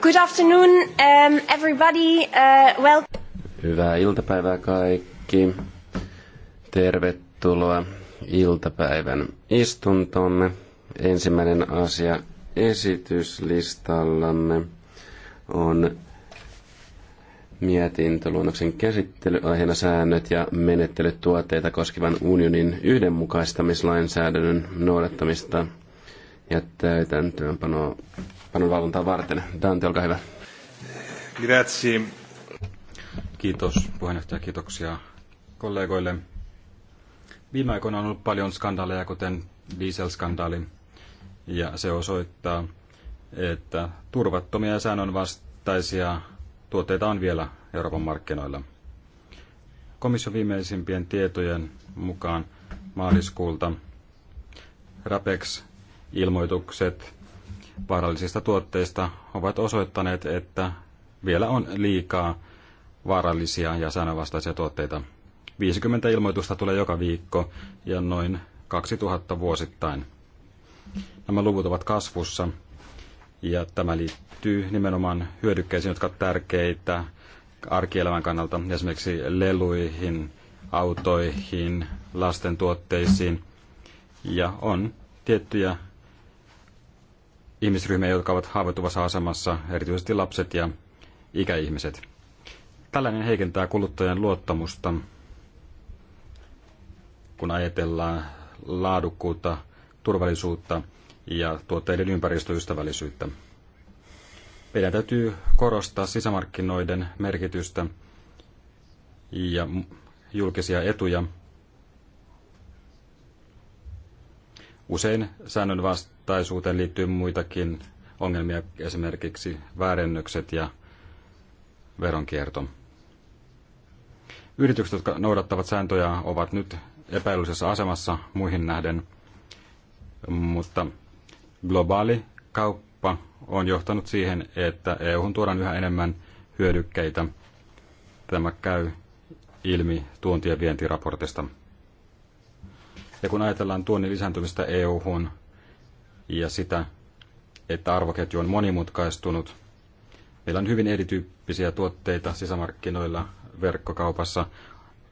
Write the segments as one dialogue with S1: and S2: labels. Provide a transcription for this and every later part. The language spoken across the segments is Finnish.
S1: Good afternoon, um, everybody. Uh, well... Hyvää iltapäivää kaikki. Tervetuloa iltapäivän istuntomme. Ensimmäinen asia esityslistallamme on mietintöluonnoksen käsittelyaiheena säännöt ja menettelytuotteita koskevan unionin yhdenmukaistamislainsäädännön noudattamista ja täytäntöönpanoa täytäntöönpanon varten. Dante, olkaa hyvä.
S2: Grazie. Kiitos puheenjohtaja, kiitoksia kollegoille. Viime aikoina on ollut paljon skandaaleja, kuten dieselskandaali, ja se osoittaa, että turvattomia ja säännönvastaisia tuotteita on vielä Euroopan markkinoilla. Komission viimeisimpien tietojen mukaan maaliskuulta RAPEX-ilmoitukset vaarallisista tuotteista ovat osoittaneet, että vielä on liikaa vaarallisia ja säännönvastaisia tuotteita. 50 ilmoitusta tulee joka viikko ja noin 2000 vuosittain. Nämä luvut ovat kasvussa ja tämä liittyy nimenomaan hyödykkeisiin, jotka ovat tärkeitä arkielämän kannalta, esimerkiksi leluihin, autoihin, lasten tuotteisiin. Ja on tiettyjä ihmisryhmiä, jotka ovat haavoittuvassa asemassa, erityisesti lapset ja ikäihmiset. Tällainen heikentää kuluttajan luottamusta, kun ajatellaan laadukkuutta, turvallisuutta ja tuotteiden ympäristöystävällisyyttä. Meidän täytyy korostaa sisämarkkinoiden merkitystä ja julkisia etuja. Usein säännön yhdenvertaisuuteen liittyy muitakin ongelmia, esimerkiksi väärennökset ja veronkierto. Yritykset, jotka noudattavat sääntöjä, ovat nyt epäilyisessä asemassa muihin nähden, mutta globaali kauppa on johtanut siihen, että EU-hun tuodaan yhä enemmän hyödykkeitä. Tämä käy ilmi tuonti- ja vientiraportista. Ja kun ajatellaan tuonnin lisääntymistä EU-hun, ja sitä, että arvoketju on monimutkaistunut. Meillä on hyvin erityyppisiä tuotteita sisämarkkinoilla, verkkokaupassa,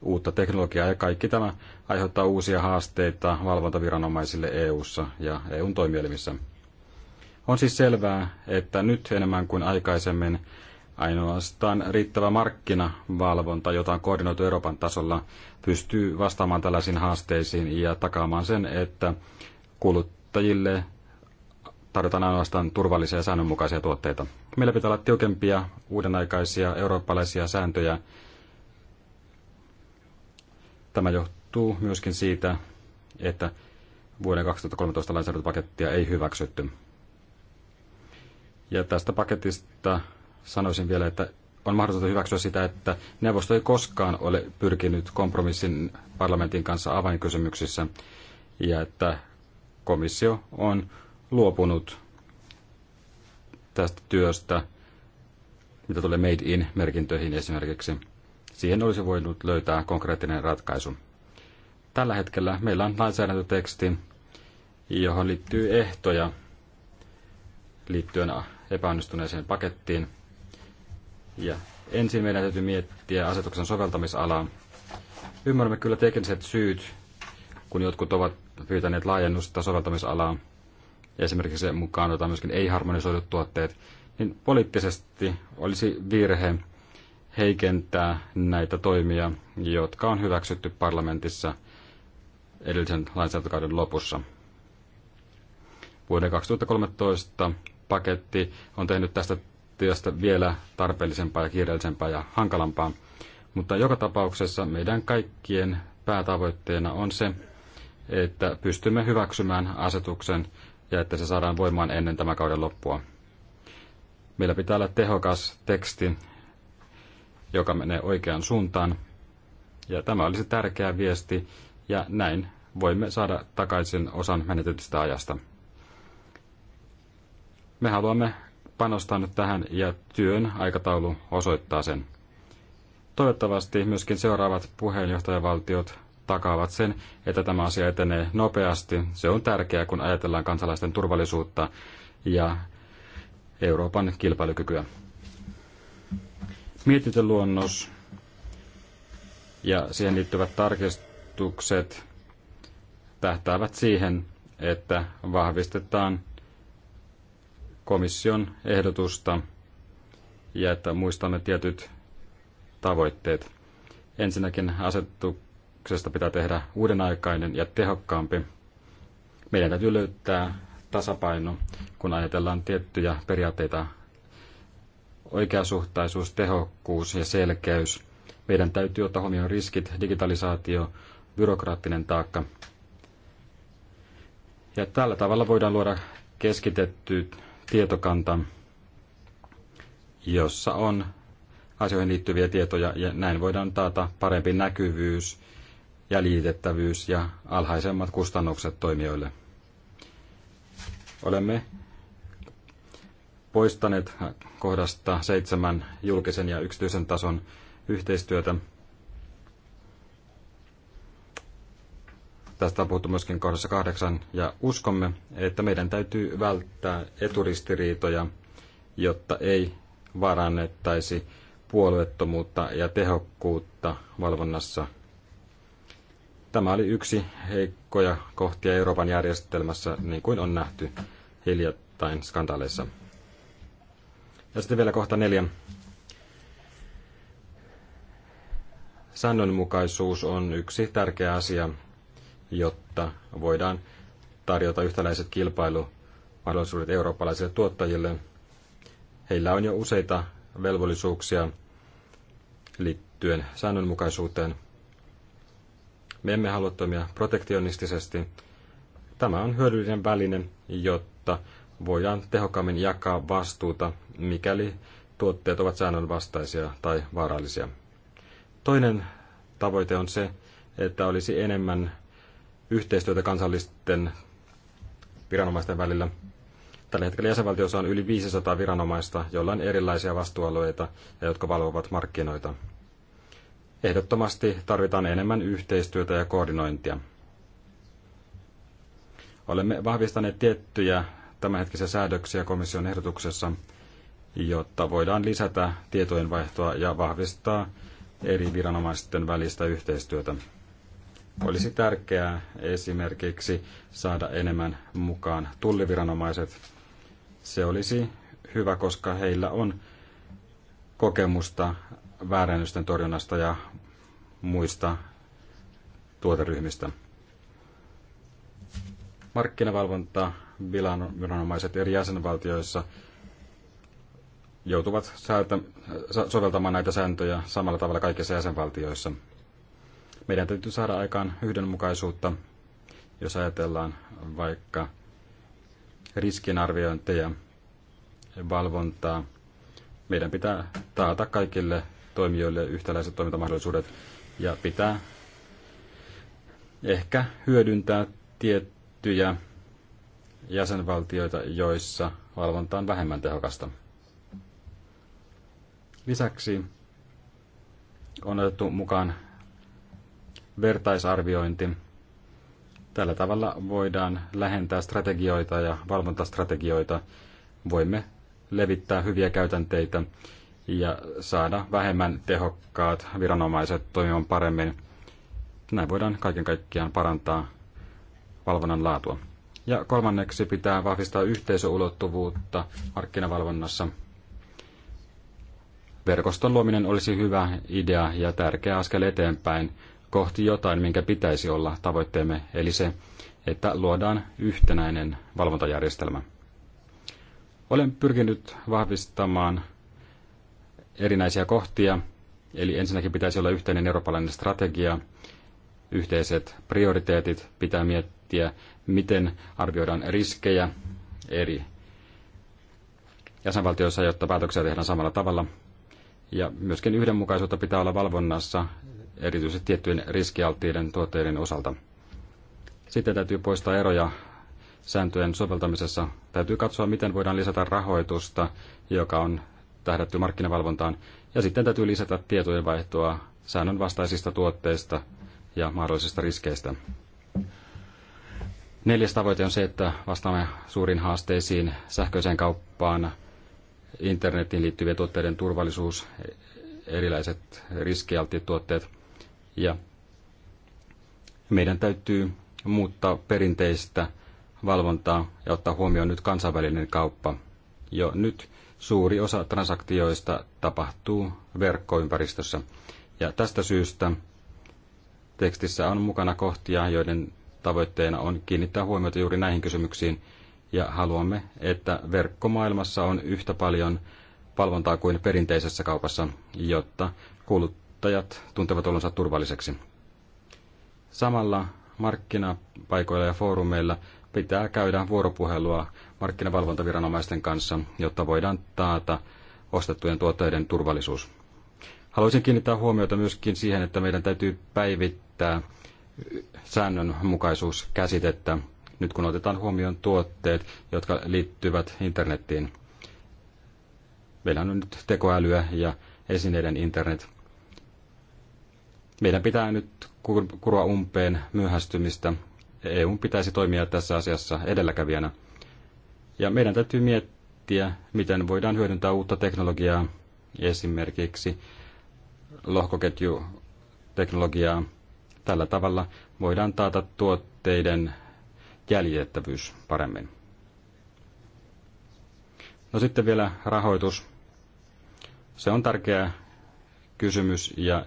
S2: uutta teknologiaa ja kaikki tämä aiheuttaa uusia haasteita valvontaviranomaisille EU:ssa ja EUn toimielimissä. On siis selvää, että nyt enemmän kuin aikaisemmin ainoastaan riittävä markkinavalvonta, jota on koordinoitu Euroopan tasolla, pystyy vastaamaan tällaisiin haasteisiin ja takaamaan sen, että kuluttajille tarjotaan ainoastaan turvallisia ja säännönmukaisia tuotteita. Meillä pitää olla tiukempia, uudenaikaisia, eurooppalaisia sääntöjä. Tämä johtuu myöskin siitä, että vuoden 2013 lainsäädäntöpakettia ei hyväksytty. Ja tästä paketista sanoisin vielä, että on mahdotonta hyväksyä sitä, että neuvosto ei koskaan ole pyrkinyt kompromissin parlamentin kanssa avainkysymyksissä ja että komissio on luopunut tästä työstä, mitä tulee Made in-merkintöihin esimerkiksi. Siihen olisi voinut löytää konkreettinen ratkaisu. Tällä hetkellä meillä on lainsäädäntöteksti, johon liittyy ehtoja liittyen epäonnistuneeseen pakettiin. Ja ensin meidän täytyy miettiä asetuksen soveltamisalaa. Ymmärrämme kyllä tekniset syyt, kun jotkut ovat pyytäneet laajennusta soveltamisalaa ja esimerkiksi se mukaan otetaan myöskin ei-harmonisoidut tuotteet, niin poliittisesti olisi virhe heikentää näitä toimia, jotka on hyväksytty parlamentissa edellisen lainsäädäntökauden lopussa. Vuoden 2013 paketti on tehnyt tästä työstä vielä tarpeellisempaa ja kiireellisempää ja hankalampaa, mutta joka tapauksessa meidän kaikkien päätavoitteena on se, että pystymme hyväksymään asetuksen ja että se saadaan voimaan ennen tämän kauden loppua. Meillä pitää olla tehokas teksti, joka menee oikeaan suuntaan. Ja tämä olisi tärkeä viesti, ja näin voimme saada takaisin osan menetetystä ajasta. Me haluamme panostaa nyt tähän, ja työn aikataulu osoittaa sen. Toivottavasti myöskin seuraavat puheenjohtajavaltiot takaavat sen, että tämä asia etenee nopeasti. Se on tärkeää, kun ajatellaan kansalaisten turvallisuutta ja Euroopan kilpailukykyä. Mietintöluonnos ja siihen liittyvät tarkistukset tähtäävät siihen, että vahvistetaan komission ehdotusta ja että muistamme tietyt tavoitteet. Ensinnäkin asetuk sopimuksesta pitää tehdä uudenaikainen ja tehokkaampi. Meidän täytyy löytää tasapaino, kun ajatellaan tiettyjä periaatteita. Oikeasuhtaisuus, tehokkuus ja selkeys. Meidän täytyy ottaa huomioon riskit, digitalisaatio, byrokraattinen taakka. Ja tällä tavalla voidaan luoda keskitetty tietokanta, jossa on asioihin liittyviä tietoja ja näin voidaan taata parempi näkyvyys jäljitettävyys ja alhaisemmat kustannukset toimijoille. Olemme poistaneet kohdasta seitsemän julkisen ja yksityisen tason yhteistyötä. Tästä on puhuttu myöskin kohdassa kahdeksan ja uskomme, että meidän täytyy välttää eturistiriitoja, jotta ei vaarannettaisi puolueettomuutta ja tehokkuutta valvonnassa Tämä oli yksi heikkoja kohtia Euroopan järjestelmässä, niin kuin on nähty hiljattain skandaaleissa. Ja sitten vielä kohta neljä. Säännönmukaisuus on yksi tärkeä asia, jotta voidaan tarjota yhtäläiset kilpailumahdollisuudet eurooppalaisille tuottajille. Heillä on jo useita velvollisuuksia liittyen säännönmukaisuuteen – me emme halua toimia protektionistisesti. Tämä on hyödyllinen väline, jotta voidaan tehokkaammin jakaa vastuuta, mikäli tuotteet ovat säännönvastaisia tai vaarallisia. Toinen tavoite on se, että olisi enemmän yhteistyötä kansallisten viranomaisten välillä. Tällä hetkellä jäsenvaltiossa on yli 500 viranomaista, joilla on erilaisia vastuualueita ja jotka valvovat markkinoita. Ehdottomasti tarvitaan enemmän yhteistyötä ja koordinointia. Olemme vahvistaneet tiettyjä tämänhetkisiä säädöksiä komission ehdotuksessa, jotta voidaan lisätä tietojenvaihtoa ja vahvistaa eri viranomaisten välistä yhteistyötä. Olisi tärkeää esimerkiksi saada enemmän mukaan tulliviranomaiset. Se olisi hyvä, koska heillä on kokemusta väärännysten torjunnasta ja muista tuoteryhmistä. Markkinavalvonta viranomaiset eri jäsenvaltioissa joutuvat säätä, soveltamaan näitä sääntöjä samalla tavalla kaikissa jäsenvaltioissa. Meidän täytyy saada aikaan yhdenmukaisuutta, jos ajatellaan vaikka riskinarviointeja, valvontaa. Meidän pitää taata kaikille toimijoille yhtäläiset toimintamahdollisuudet ja pitää ehkä hyödyntää tiettyjä jäsenvaltioita, joissa valvonta on vähemmän tehokasta. Lisäksi on otettu mukaan vertaisarviointi. Tällä tavalla voidaan lähentää strategioita ja valvontastrategioita. Voimme levittää hyviä käytänteitä ja saada vähemmän tehokkaat viranomaiset toimimaan paremmin. Näin voidaan kaiken kaikkiaan parantaa valvonnan laatua. Ja kolmanneksi pitää vahvistaa yhteisöulottuvuutta markkinavalvonnassa. Verkoston luominen olisi hyvä idea ja tärkeä askel eteenpäin kohti jotain, minkä pitäisi olla tavoitteemme, eli se, että luodaan yhtenäinen valvontajärjestelmä. Olen pyrkinyt vahvistamaan erinäisiä kohtia. Eli ensinnäkin pitäisi olla yhteinen eurooppalainen strategia, yhteiset prioriteetit, pitää miettiä, miten arvioidaan riskejä eri jäsenvaltioissa, jotta päätöksiä tehdään samalla tavalla. Ja myöskin yhdenmukaisuutta pitää olla valvonnassa, erityisesti tiettyjen riskialttiiden tuotteiden osalta. Sitten täytyy poistaa eroja sääntöjen soveltamisessa. Täytyy katsoa, miten voidaan lisätä rahoitusta, joka on tähdätty markkinavalvontaan. Ja sitten täytyy lisätä tietojenvaihtoa säännönvastaisista tuotteista ja mahdollisista riskeistä. Neljäs tavoite on se, että vastaamme suuriin haasteisiin sähköiseen kauppaan, internetin liittyvien tuotteiden turvallisuus, erilaiset riskialtiet tuotteet. Ja meidän täytyy muuttaa perinteistä valvontaa ja ottaa huomioon nyt kansainvälinen kauppa. Jo nyt suuri osa transaktioista tapahtuu verkkoympäristössä. Ja tästä syystä tekstissä on mukana kohtia, joiden tavoitteena on kiinnittää huomiota juuri näihin kysymyksiin, ja haluamme, että verkkomaailmassa on yhtä paljon valvontaa kuin perinteisessä kaupassa, jotta kuluttajat tuntevat olonsa turvalliseksi. Samalla markkinapaikoilla ja foorumeilla pitää käydä vuoropuhelua markkinavalvontaviranomaisten kanssa, jotta voidaan taata ostettujen tuotteiden turvallisuus. Haluaisin kiinnittää huomiota myöskin siihen, että meidän täytyy päivittää säännönmukaisuuskäsitettä, nyt kun otetaan huomioon tuotteet, jotka liittyvät internettiin. Meillä on nyt tekoälyä ja esineiden internet. Meidän pitää nyt kurua umpeen myöhästymistä. EU pitäisi toimia tässä asiassa edelläkävijänä. Ja meidän täytyy miettiä, miten voidaan hyödyntää uutta teknologiaa, esimerkiksi lohkoketjuteknologiaa. Tällä tavalla voidaan taata tuotteiden jäljitettävyys paremmin. No sitten vielä rahoitus. Se on tärkeä kysymys ja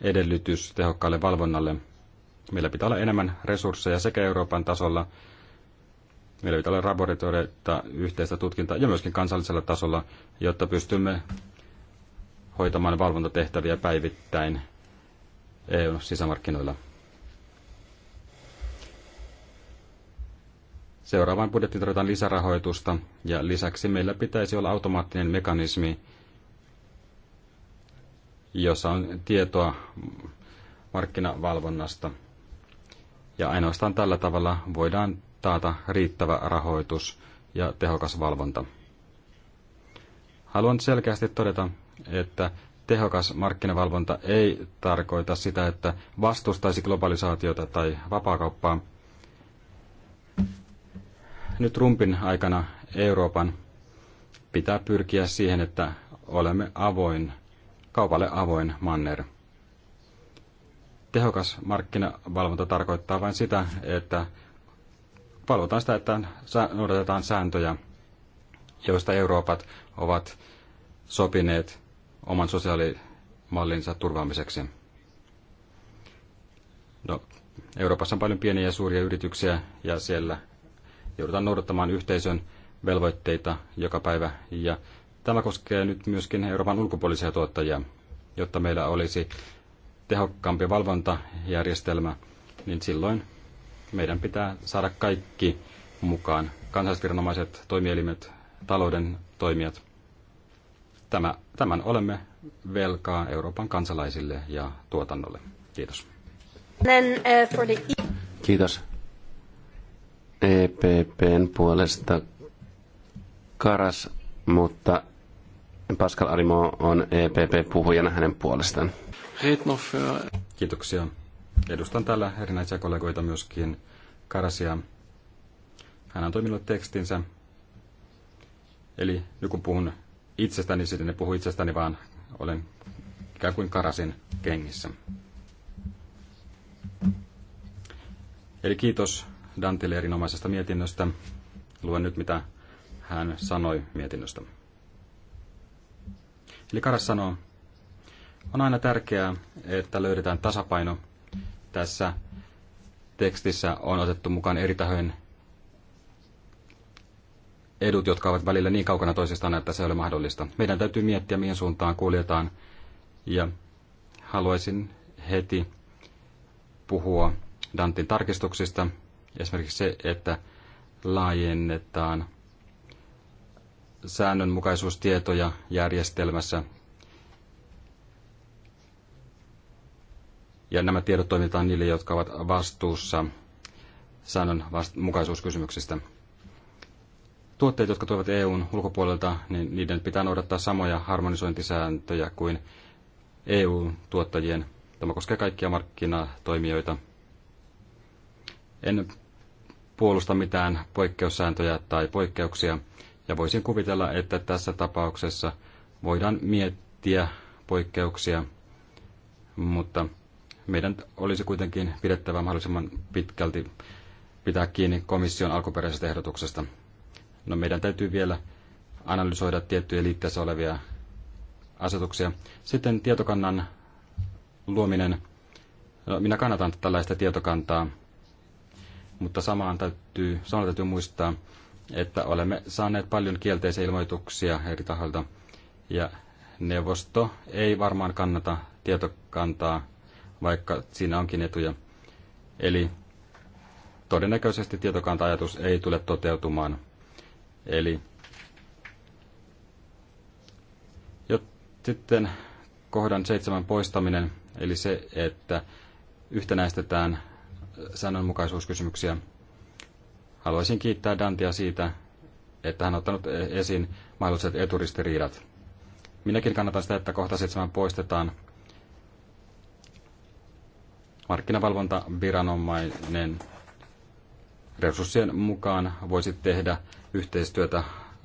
S2: edellytys tehokkaalle valvonnalle. Meillä pitää olla enemmän resursseja sekä Euroopan tasolla Meillä pitää laboratorioita, yhteistä tutkintaa ja myöskin kansallisella tasolla, jotta pystymme hoitamaan valvontatehtäviä päivittäin eu sisämarkkinoilla. Seuraavaan budjettiin tarvitaan lisärahoitusta ja lisäksi meillä pitäisi olla automaattinen mekanismi, jossa on tietoa markkinavalvonnasta. Ja ainoastaan tällä tavalla voidaan taata riittävä rahoitus ja tehokas valvonta. Haluan selkeästi todeta, että tehokas markkinavalvonta ei tarkoita sitä, että vastustaisi globalisaatiota tai vapaakauppaa. Nyt rumpin aikana Euroopan pitää pyrkiä siihen, että olemme avoin, kaupalle avoin manner. Tehokas markkinavalvonta tarkoittaa vain sitä, että valvotaan sitä, että noudatetaan sääntöjä, joista Euroopat ovat sopineet oman sosiaalimallinsa turvaamiseksi. No, Euroopassa on paljon pieniä ja suuria yrityksiä ja siellä joudutaan noudattamaan yhteisön velvoitteita joka päivä. Ja tämä koskee nyt myöskin Euroopan ulkopuolisia tuottajia, jotta meillä olisi tehokkaampi valvontajärjestelmä, niin silloin meidän pitää saada kaikki mukaan, kansallisviranomaiset, toimielimet, talouden toimijat. Tämä, tämän olemme velkaa Euroopan kansalaisille ja tuotannolle.
S1: Kiitos. Uh, e- Kiitos. EPPn puolesta Karas, mutta Pascal Arimo on EPP-puhujana hänen puolestaan. Uh, Kiitoksia
S2: Edustan täällä erinäisiä kollegoita myöskin Karasia. Hän on toiminut tekstinsä. Eli nyt kun puhun itsestäni, sitten en puhu itsestäni, vaan olen ikään kuin Karasin kengissä. Eli kiitos Dantille erinomaisesta mietinnöstä. Luen nyt, mitä hän sanoi mietinnöstä. Eli Karas sanoo, on aina tärkeää, että löydetään tasapaino tässä tekstissä on otettu mukaan eri tahojen edut, jotka ovat välillä niin kaukana toisistaan, että se ei ole mahdollista. Meidän täytyy miettiä, mihin suuntaan kuljetaan. Ja haluaisin heti puhua Dantin tarkistuksista. Esimerkiksi se, että laajennetaan säännönmukaisuustietoja järjestelmässä ja nämä tiedot toimitetaan niille, jotka ovat vastuussa säännön vast- mukaisuuskysymyksistä. Tuotteet, jotka tuovat EUn ulkopuolelta, niin niiden pitää noudattaa samoja harmonisointisääntöjä kuin EU-tuottajien. Tämä koskee kaikkia markkinatoimijoita. En puolusta mitään poikkeussääntöjä tai poikkeuksia, ja voisin kuvitella, että tässä tapauksessa voidaan miettiä poikkeuksia, mutta meidän olisi kuitenkin pidettävä mahdollisimman pitkälti pitää kiinni komission alkuperäisestä ehdotuksesta. No meidän täytyy vielä analysoida tiettyjä liitteessä olevia asetuksia. Sitten tietokannan luominen. No, minä kannatan tällaista tietokantaa, mutta samaan täytyy, samaan täytyy muistaa, että olemme saaneet paljon kielteisiä ilmoituksia eri tahoilta, ja neuvosto ei varmaan kannata tietokantaa vaikka siinä onkin etuja. Eli todennäköisesti tietokanta-ajatus ei tule toteutumaan. Eli jo, sitten kohdan seitsemän poistaminen, eli se, että yhtenäistetään säännönmukaisuuskysymyksiä. Haluaisin kiittää Dantia siitä, että hän on ottanut e- esiin mahdolliset eturistiriidat. Minäkin kannatan sitä, että kohta seitsemän poistetaan, markkinavalvontaviranomainen resurssien mukaan voisi tehdä yhteistyötä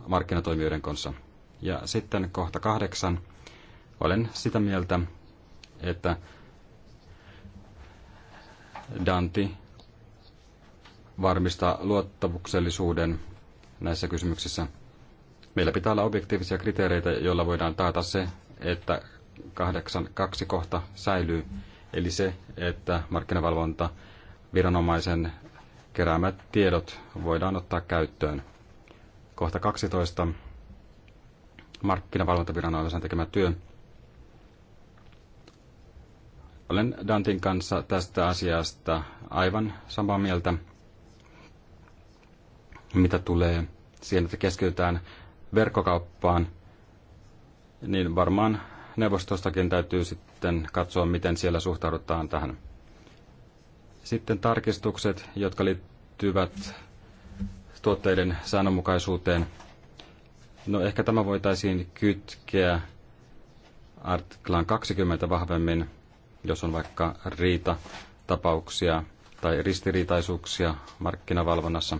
S2: markkinatoimijoiden kanssa. Ja sitten kohta kahdeksan. Olen sitä mieltä, että Danti varmistaa luottamuksellisuuden näissä kysymyksissä. Meillä pitää olla objektiivisia kriteereitä, joilla voidaan taata se, että kahdeksan kaksi kohta säilyy. Mm Eli se, että markkinavalvonta viranomaisen keräämät tiedot voidaan ottaa käyttöön. Kohta 12. Markkinavalvontaviranomaisen tekemä työ. Olen Dantin kanssa tästä asiasta aivan samaa mieltä, mitä tulee siihen, että keskitytään verkkokauppaan, niin varmaan neuvostostakin täytyy sitten sitten katsoa, miten siellä suhtaudutaan tähän. Sitten tarkistukset, jotka liittyvät tuotteiden säännönmukaisuuteen. No ehkä tämä voitaisiin kytkeä artiklaan 20 vahvemmin, jos on vaikka riita tapauksia tai ristiriitaisuuksia markkinavalvonnassa.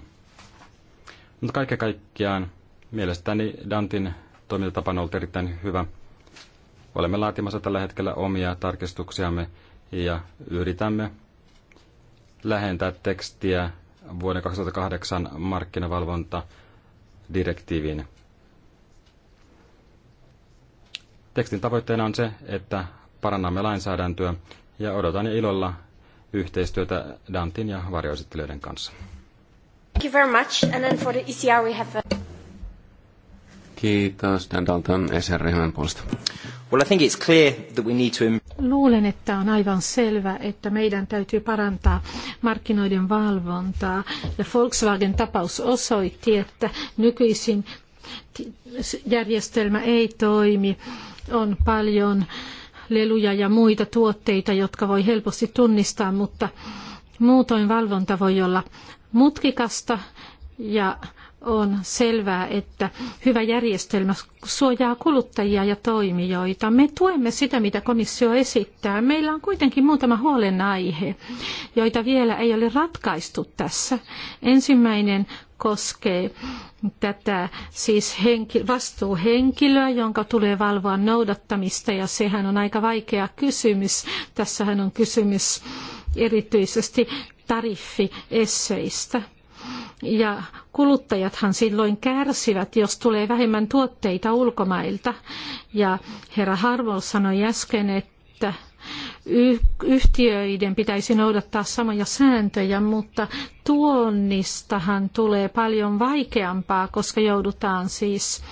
S2: Mutta kaiken kaikkiaan mielestäni Dantin toimintatapa on ollut erittäin hyvä – Olemme laatimassa tällä hetkellä omia tarkistuksiamme ja yritämme lähentää tekstiä vuoden 2008 markkinavalvontadirektiiviin. Tekstin tavoitteena on se, että parannamme lainsäädäntöä ja odotan ilolla yhteistyötä Dantin ja varjoesittelijöiden
S1: kanssa.
S3: Thank you very much. And then for the ECR we have a...
S1: Kiitos Dan Dalton SR-ryhmän puolesta. Well, I think it's clear that we need to...
S3: Luulen, että on aivan selvä, että meidän täytyy parantaa markkinoiden valvontaa. Ja Volkswagen-tapaus osoitti, että nykyisin järjestelmä ei toimi. On paljon leluja ja muita tuotteita, jotka voi helposti tunnistaa, mutta muutoin valvonta voi olla mutkikasta ja on selvää, että hyvä järjestelmä suojaa kuluttajia ja toimijoita. Me tuemme sitä, mitä komissio esittää. Meillä on kuitenkin muutama huolenaihe, joita vielä ei ole ratkaistu tässä. Ensimmäinen koskee tätä siis henki, vastuuhenkilöä, jonka tulee valvoa noudattamista, ja sehän on aika vaikea kysymys. Tässähän on kysymys erityisesti tariffiesseistä ja Kuluttajathan silloin kärsivät, jos tulee vähemmän tuotteita ulkomailta. Ja herra Harvol sanoi äsken, että yhtiöiden pitäisi noudattaa samoja sääntöjä, mutta tuonnistahan tulee paljon vaikeampaa, koska joudutaan siis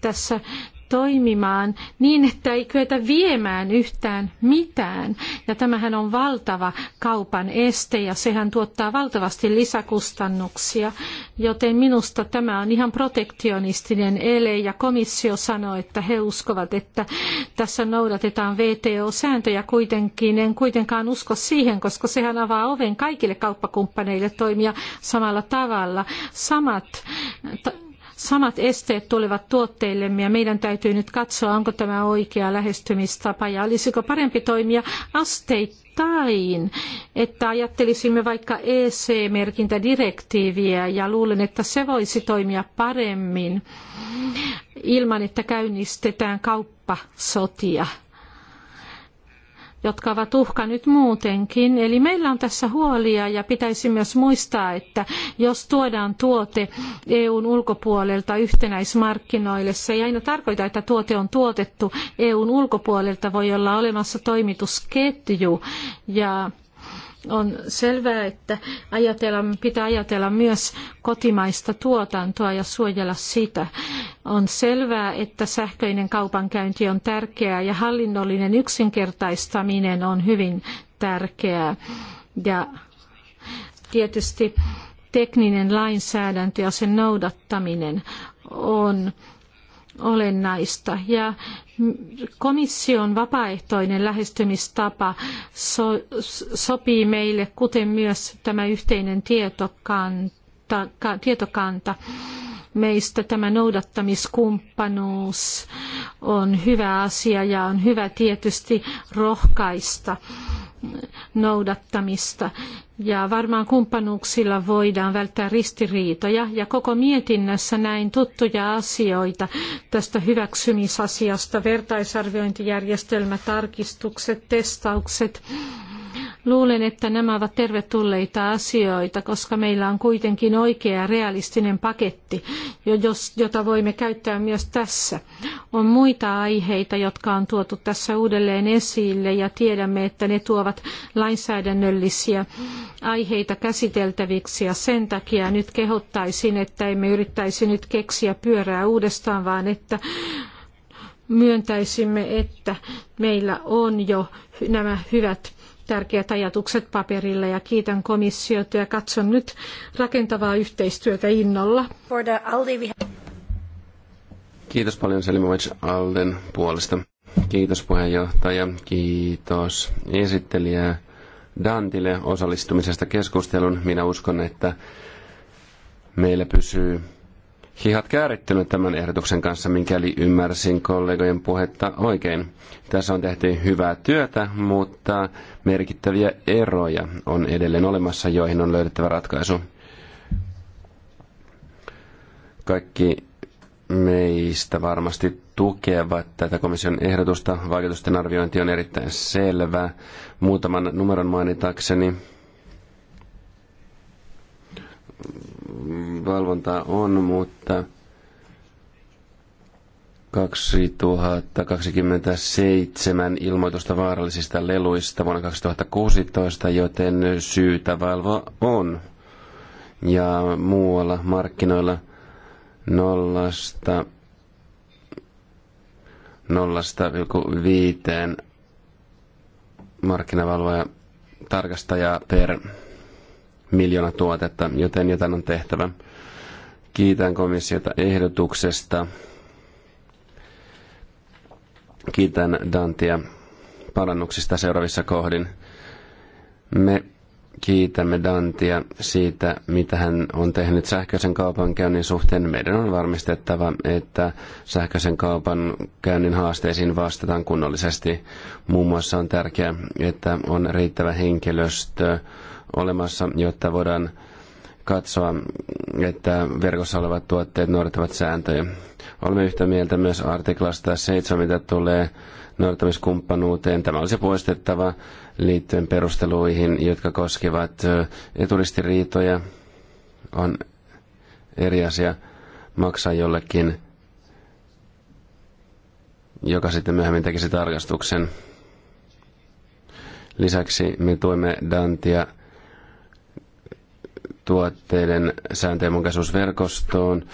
S3: tässä toimimaan niin, että ei kyetä viemään yhtään mitään. Ja tämähän on valtava kaupan este ja sehän tuottaa valtavasti lisäkustannuksia. Joten minusta tämä on ihan protektionistinen ele ja komissio sanoi, että he uskovat, että tässä noudatetaan VTO-sääntöjä kuitenkin. En kuitenkaan usko siihen, koska sehän avaa oven kaikille kauppakumppaneille toimia samalla tavalla. Samat samat esteet tulevat tuotteillemme ja meidän täytyy nyt katsoa, onko tämä oikea lähestymistapa ja olisiko parempi toimia asteittain, että ajattelisimme vaikka EC-merkintädirektiiviä ja luulen, että se voisi toimia paremmin ilman, että käynnistetään kauppasotia jotka ovat uhka nyt muutenkin. Eli meillä on tässä huolia ja pitäisi myös muistaa, että jos tuodaan tuote EUn ulkopuolelta yhtenäismarkkinoille, se ei aina tarkoita, että tuote on tuotettu EUn ulkopuolelta, voi olla olemassa toimitusketju ja on selvää, että ajatella, pitää ajatella myös kotimaista tuotantoa ja suojella sitä. On selvää, että sähköinen kaupankäynti on tärkeää ja hallinnollinen yksinkertaistaminen on hyvin tärkeää. Ja tietysti tekninen lainsäädäntö ja sen noudattaminen on olennaista. Ja komission vapaaehtoinen lähestymistapa so, sopii meille, kuten myös tämä yhteinen tietokanta, tietokanta. Meistä tämä noudattamiskumppanuus on hyvä asia ja on hyvä tietysti rohkaista noudattamista. Ja varmaan kumppanuuksilla voidaan välttää ristiriitoja. Ja koko mietinnössä näin tuttuja asioita tästä hyväksymisasiasta, vertaisarviointijärjestelmä, tarkistukset, testaukset. Luulen, että nämä ovat tervetulleita asioita, koska meillä on kuitenkin oikea ja realistinen paketti, jota voimme käyttää myös tässä. On muita aiheita, jotka on tuotu tässä uudelleen esille ja tiedämme, että ne tuovat lainsäädännöllisiä aiheita käsiteltäviksi ja sen takia nyt kehottaisin, että emme yrittäisi nyt keksiä pyörää uudestaan, vaan että myöntäisimme, että meillä on jo nämä hyvät tärkeät ajatukset paperille ja kiitän komissiota ja katson nyt rakentavaa yhteistyötä innolla.
S1: Kiitos paljon Selimovic Alden puolesta. Kiitos puheenjohtaja, kiitos esittelijä Dantille osallistumisesta keskusteluun. Minä uskon, että meillä pysyy hihat käärittynyt tämän ehdotuksen kanssa, mikäli ymmärsin kollegojen puhetta oikein. Tässä on tehty hyvää työtä, mutta merkittäviä eroja on edelleen olemassa, joihin on löydettävä ratkaisu. Kaikki meistä varmasti tukevat tätä komission ehdotusta. Vaikutusten arviointi on erittäin selvä. Muutaman numeron mainitakseni valvontaa on, mutta 2027 ilmoitusta vaarallisista leluista vuonna 2016, joten syytä valvoa on. Ja muualla markkinoilla nollasta, nollasta viiteen markkinavalvoja tarkastajaa per miljoona tuotetta, joten jotain on tehtävä. Kiitän komissiota ehdotuksesta. Kiitän Dantia parannuksista seuraavissa kohdin. Me kiitämme Dantia siitä, mitä hän on tehnyt sähköisen kaupankäynnin suhteen. Meidän on varmistettava, että sähköisen kaupankäynnin haasteisiin vastataan kunnollisesti. Muun muassa on tärkeää, että on riittävä henkilöstö olemassa, jotta voidaan katsoa, että verkossa olevat tuotteet noudattavat sääntöjä. Olemme yhtä mieltä myös artiklasta 7, mitä tulee noudattamiskumppanuuteen. Tämä olisi poistettava liittyen perusteluihin, jotka koskevat eturistiriitoja. On eri asia maksaa jollekin, joka sitten myöhemmin tekisi tarkastuksen. Lisäksi me tuemme Dantia – tuotteiden sääntöjenmukaisuusverkostoon.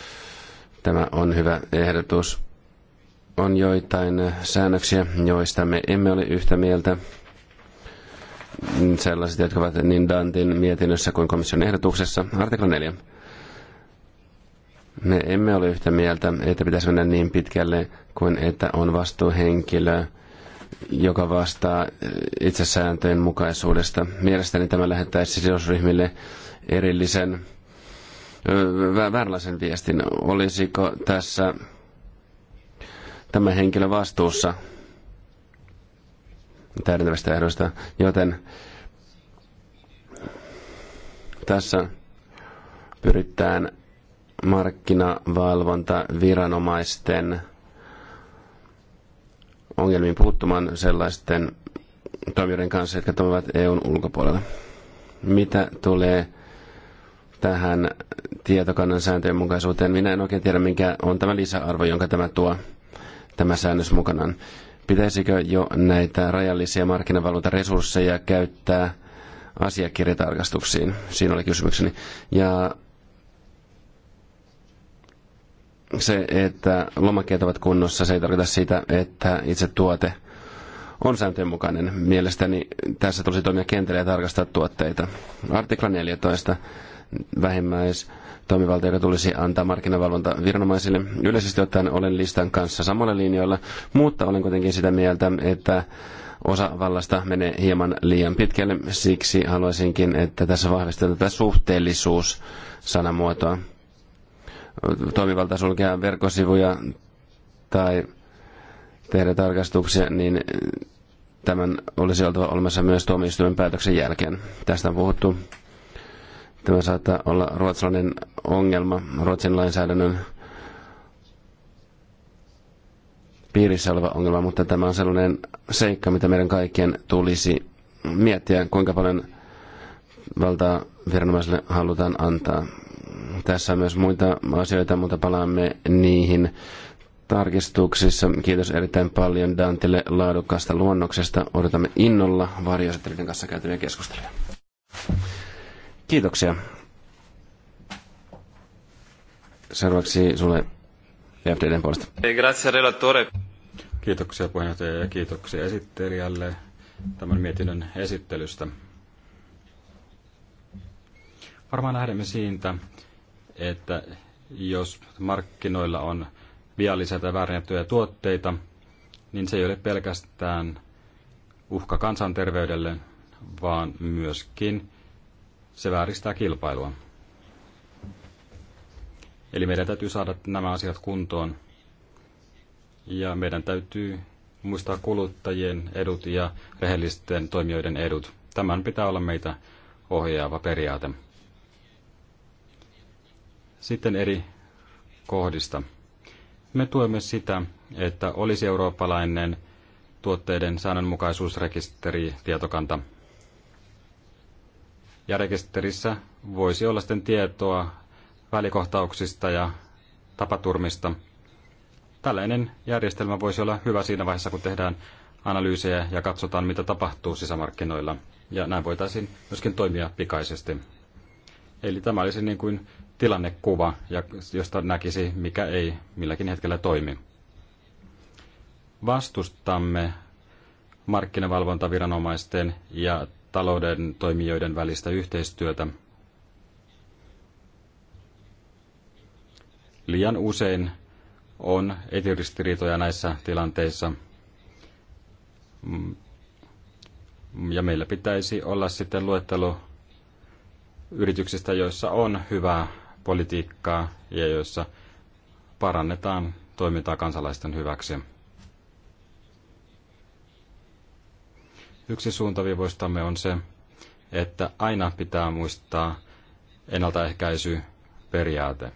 S1: Tämä on hyvä ehdotus. On joitain säännöksiä, joista me emme ole yhtä mieltä. Sellaiset, jotka ovat niin Dantin mietinnössä kuin komission ehdotuksessa. Artikla 4. Me emme ole yhtä mieltä, että pitäisi mennä niin pitkälle kuin että on vastuuhenkilö, joka vastaa itsesääntöjen mukaisuudesta. Mielestäni tämä lähettäisi sidosryhmille erillisen vääränlaisen viestin. Olisiko tässä tämä henkilö vastuussa täydentävästä ehdosta, joten tässä pyritään viranomaisten ongelmiin puuttumaan sellaisten toimijoiden kanssa, jotka toimivat EUn ulkopuolella. Mitä tulee tähän tietokannan sääntöjen mukaisuuteen. Minä en oikein tiedä, minkä on tämä lisäarvo, jonka tämä tuo tämä säännös mukanaan. Pitäisikö jo näitä rajallisia markkinavaluutaresursseja käyttää asiakirjatarkastuksiin? Siinä oli kysymykseni. Ja se, että lomakkeet ovat kunnossa, se ei tarkoita sitä, että itse tuote on sääntöjen mukainen. Mielestäni tässä tulisi toimia kentällä ja tarkastaa tuotteita. Artikla 14 vähimmäis toimivalta, joka tulisi antaa markkinavalvontaviranomaisille. Yleisesti ottaen olen listan kanssa samalla linjoilla, mutta olen kuitenkin sitä mieltä, että osa vallasta menee hieman liian pitkälle. Siksi haluaisinkin, että tässä vahvistetaan tätä suhteellisuus-sanamuotoa. Toimivalta sulkea verkkosivuja tai tehdä tarkastuksia, niin tämän olisi oltava olemassa myös tuomioistuimen päätöksen jälkeen. Tästä on puhuttu Tämä saattaa olla ruotsalainen ongelma Ruotsin lainsäädännön piirissä oleva ongelma, mutta tämä on sellainen seikka, mitä meidän kaikkien tulisi miettiä, kuinka paljon valtaa viranomaisille halutaan antaa. Tässä on myös muita asioita, mutta palaamme niihin tarkistuksissa. Kiitos erittäin paljon Dantille laadukkaasta luonnoksesta. Odotamme innolla varjoesittelyiden kanssa käytäviä keskusteluja. Kiitoksia. Seuraavaksi sulle FDDn puolesta. Grazie, relatore.
S2: Kiitoksia puheenjohtaja ja kiitoksia esittelijälle tämän mietinnön esittelystä. Varmaan lähdemme siitä, että jos markkinoilla on viallisia tai väärennettyjä tuotteita, niin se ei ole pelkästään uhka kansanterveydelle, vaan myöskin se vääristää kilpailua. Eli meidän täytyy saada nämä asiat kuntoon ja meidän täytyy muistaa kuluttajien edut ja rehellisten toimijoiden edut. Tämän pitää olla meitä ohjaava periaate. Sitten eri kohdista. Me tuemme sitä, että olisi eurooppalainen tuotteiden säännönmukaisuusrekisteri tietokanta ja rekisterissä voisi olla sitten tietoa välikohtauksista ja tapaturmista. Tällainen järjestelmä voisi olla hyvä siinä vaiheessa, kun tehdään analyysejä ja katsotaan, mitä tapahtuu sisämarkkinoilla. Ja näin voitaisiin myöskin toimia pikaisesti. Eli tämä olisi niin kuin tilannekuva, josta näkisi, mikä ei milläkin hetkellä toimi. Vastustamme markkinavalvontaviranomaisten ja talouden toimijoiden välistä yhteistyötä. Liian usein on eturistiriitoja näissä tilanteissa. Mm, ja meillä pitäisi olla sitten luettelo yrityksistä, joissa on hyvää politiikkaa ja joissa parannetaan toimintaa kansalaisten hyväksi. Yksi suuntaviivoistamme on se, että aina pitää muistaa ennaltaehkäisyperiaate.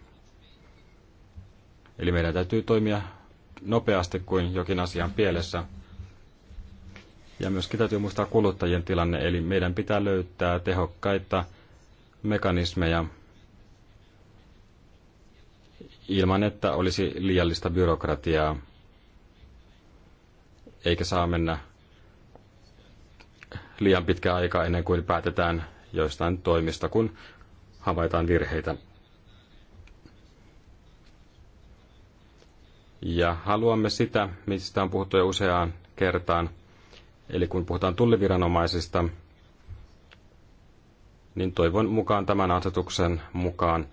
S2: Eli meidän täytyy toimia nopeasti, kuin jokin asia on pielessä. Ja myöskin täytyy muistaa kuluttajien tilanne, eli meidän pitää löytää tehokkaita mekanismeja ilman, että olisi liiallista byrokratiaa, eikä saa mennä liian pitkä aika ennen kuin päätetään joistain toimista, kun havaitaan virheitä. Ja haluamme sitä, mistä on puhuttu jo useaan kertaan, eli kun puhutaan tulliviranomaisista, niin toivon mukaan tämän asetuksen mukaan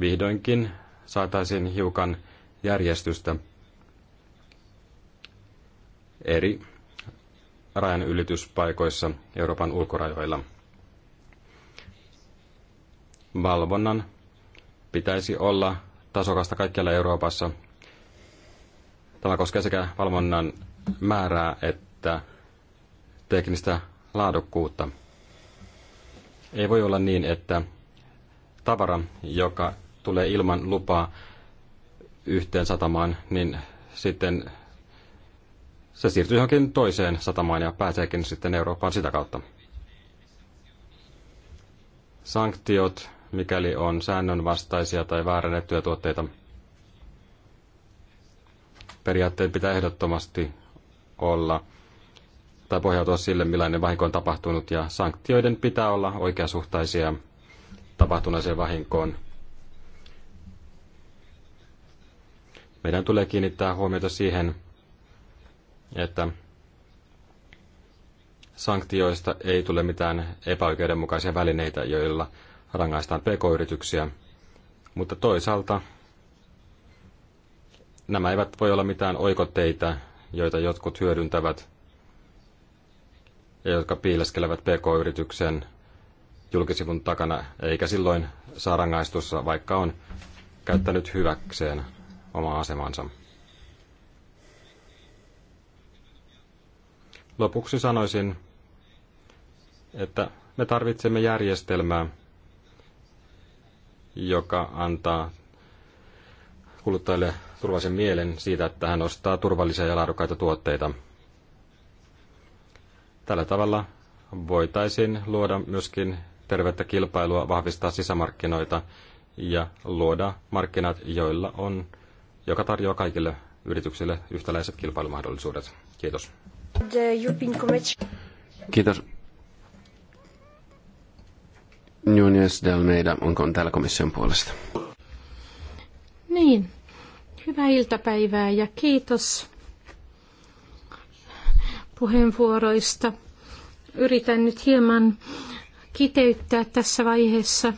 S2: vihdoinkin saataisiin hiukan järjestystä eri rajan ylityspaikoissa Euroopan ulkorajoilla. Valvonnan pitäisi olla tasokasta kaikkialla Euroopassa. Tämä koskee sekä valvonnan määrää että teknistä laadukkuutta. Ei voi olla niin, että tavara, joka tulee ilman lupaa yhteen satamaan, niin sitten se siirtyy johonkin toiseen satamaan ja pääseekin sitten Eurooppaan sitä kautta. Sanktiot, mikäli on säännönvastaisia tai väärennettyjä tuotteita, periaatteet pitää ehdottomasti olla tai pohjautua sille, millainen vahinko on tapahtunut, ja sanktioiden pitää olla oikeasuhtaisia tapahtuneeseen vahinkoon. Meidän tulee kiinnittää huomiota siihen, että sanktioista ei tule mitään epäoikeudenmukaisia välineitä, joilla rangaistaan pk-yrityksiä, mutta toisaalta nämä eivät voi olla mitään oikoteitä, joita jotkut hyödyntävät ja jotka piileskelevät pk-yrityksen julkisivun takana, eikä silloin saa rangaistussa, vaikka on käyttänyt hyväkseen omaa asemansa. Lopuksi sanoisin, että me tarvitsemme järjestelmää, joka antaa kuluttajille turvallisen mielen siitä, että hän ostaa turvallisia ja laadukkaita tuotteita. Tällä tavalla voitaisiin luoda myöskin tervettä kilpailua, vahvistaa sisämarkkinoita ja luoda markkinat, joilla on, joka tarjoaa kaikille yrityksille yhtäläiset kilpailumahdollisuudet. Kiitos.
S1: Kiitos. Nunes onko täällä komission puolesta?
S3: Niin. Hyvää iltapäivää ja kiitos puheenvuoroista. Yritän nyt hieman kiteyttää tässä vaiheessa.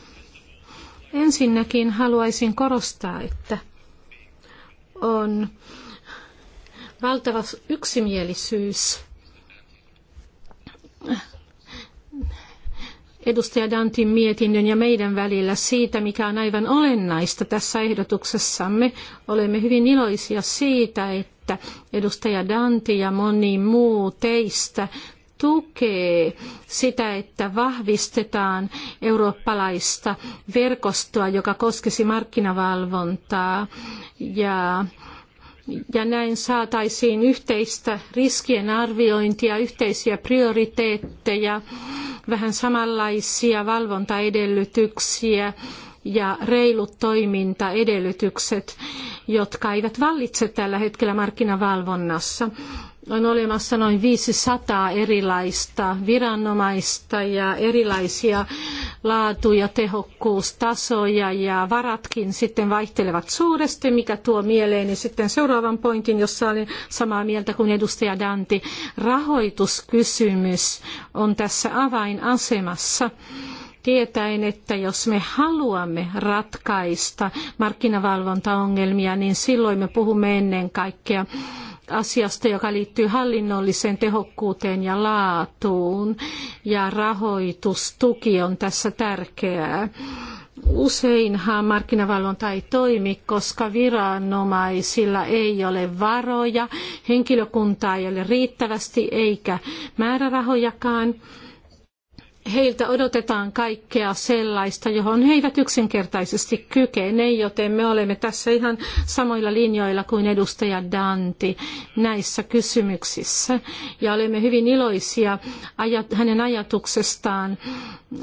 S3: Ensinnäkin haluaisin korostaa, että on valtava yksimielisyys. Edustaja Dantin mietinnön ja meidän välillä siitä, mikä on aivan olennaista tässä ehdotuksessamme. Olemme hyvin iloisia siitä, että edustaja Danti ja moni muu teistä tukee sitä, että vahvistetaan eurooppalaista verkostoa, joka koskisi markkinavalvontaa ja ja näin saataisiin yhteistä riskien arviointia, yhteisiä prioriteetteja, vähän samanlaisia valvontaedellytyksiä ja reilut toimintaedellytykset, jotka eivät vallitse tällä hetkellä markkinavalvonnassa on olemassa noin 500 erilaista viranomaista ja erilaisia laatu- ja tehokkuustasoja ja varatkin sitten vaihtelevat suuresti, mikä tuo mieleeni sitten seuraavan pointin, jossa olen samaa mieltä kuin edustaja Danti. Rahoituskysymys on tässä avainasemassa tietäen, että jos me haluamme ratkaista markkinavalvontaongelmia, niin silloin me puhumme ennen kaikkea asiasta, joka liittyy hallinnolliseen tehokkuuteen ja laatuun, ja rahoitustuki on tässä tärkeää. Useinhan markkinavalvonta ei toimi, koska viranomaisilla ei ole varoja, henkilökuntaa ei ole riittävästi eikä määrärahojakaan heiltä odotetaan kaikkea sellaista, johon he eivät yksinkertaisesti kykene, joten me olemme tässä ihan samoilla linjoilla kuin edustaja Danti näissä kysymyksissä. Ja olemme hyvin iloisia hänen ajatuksestaan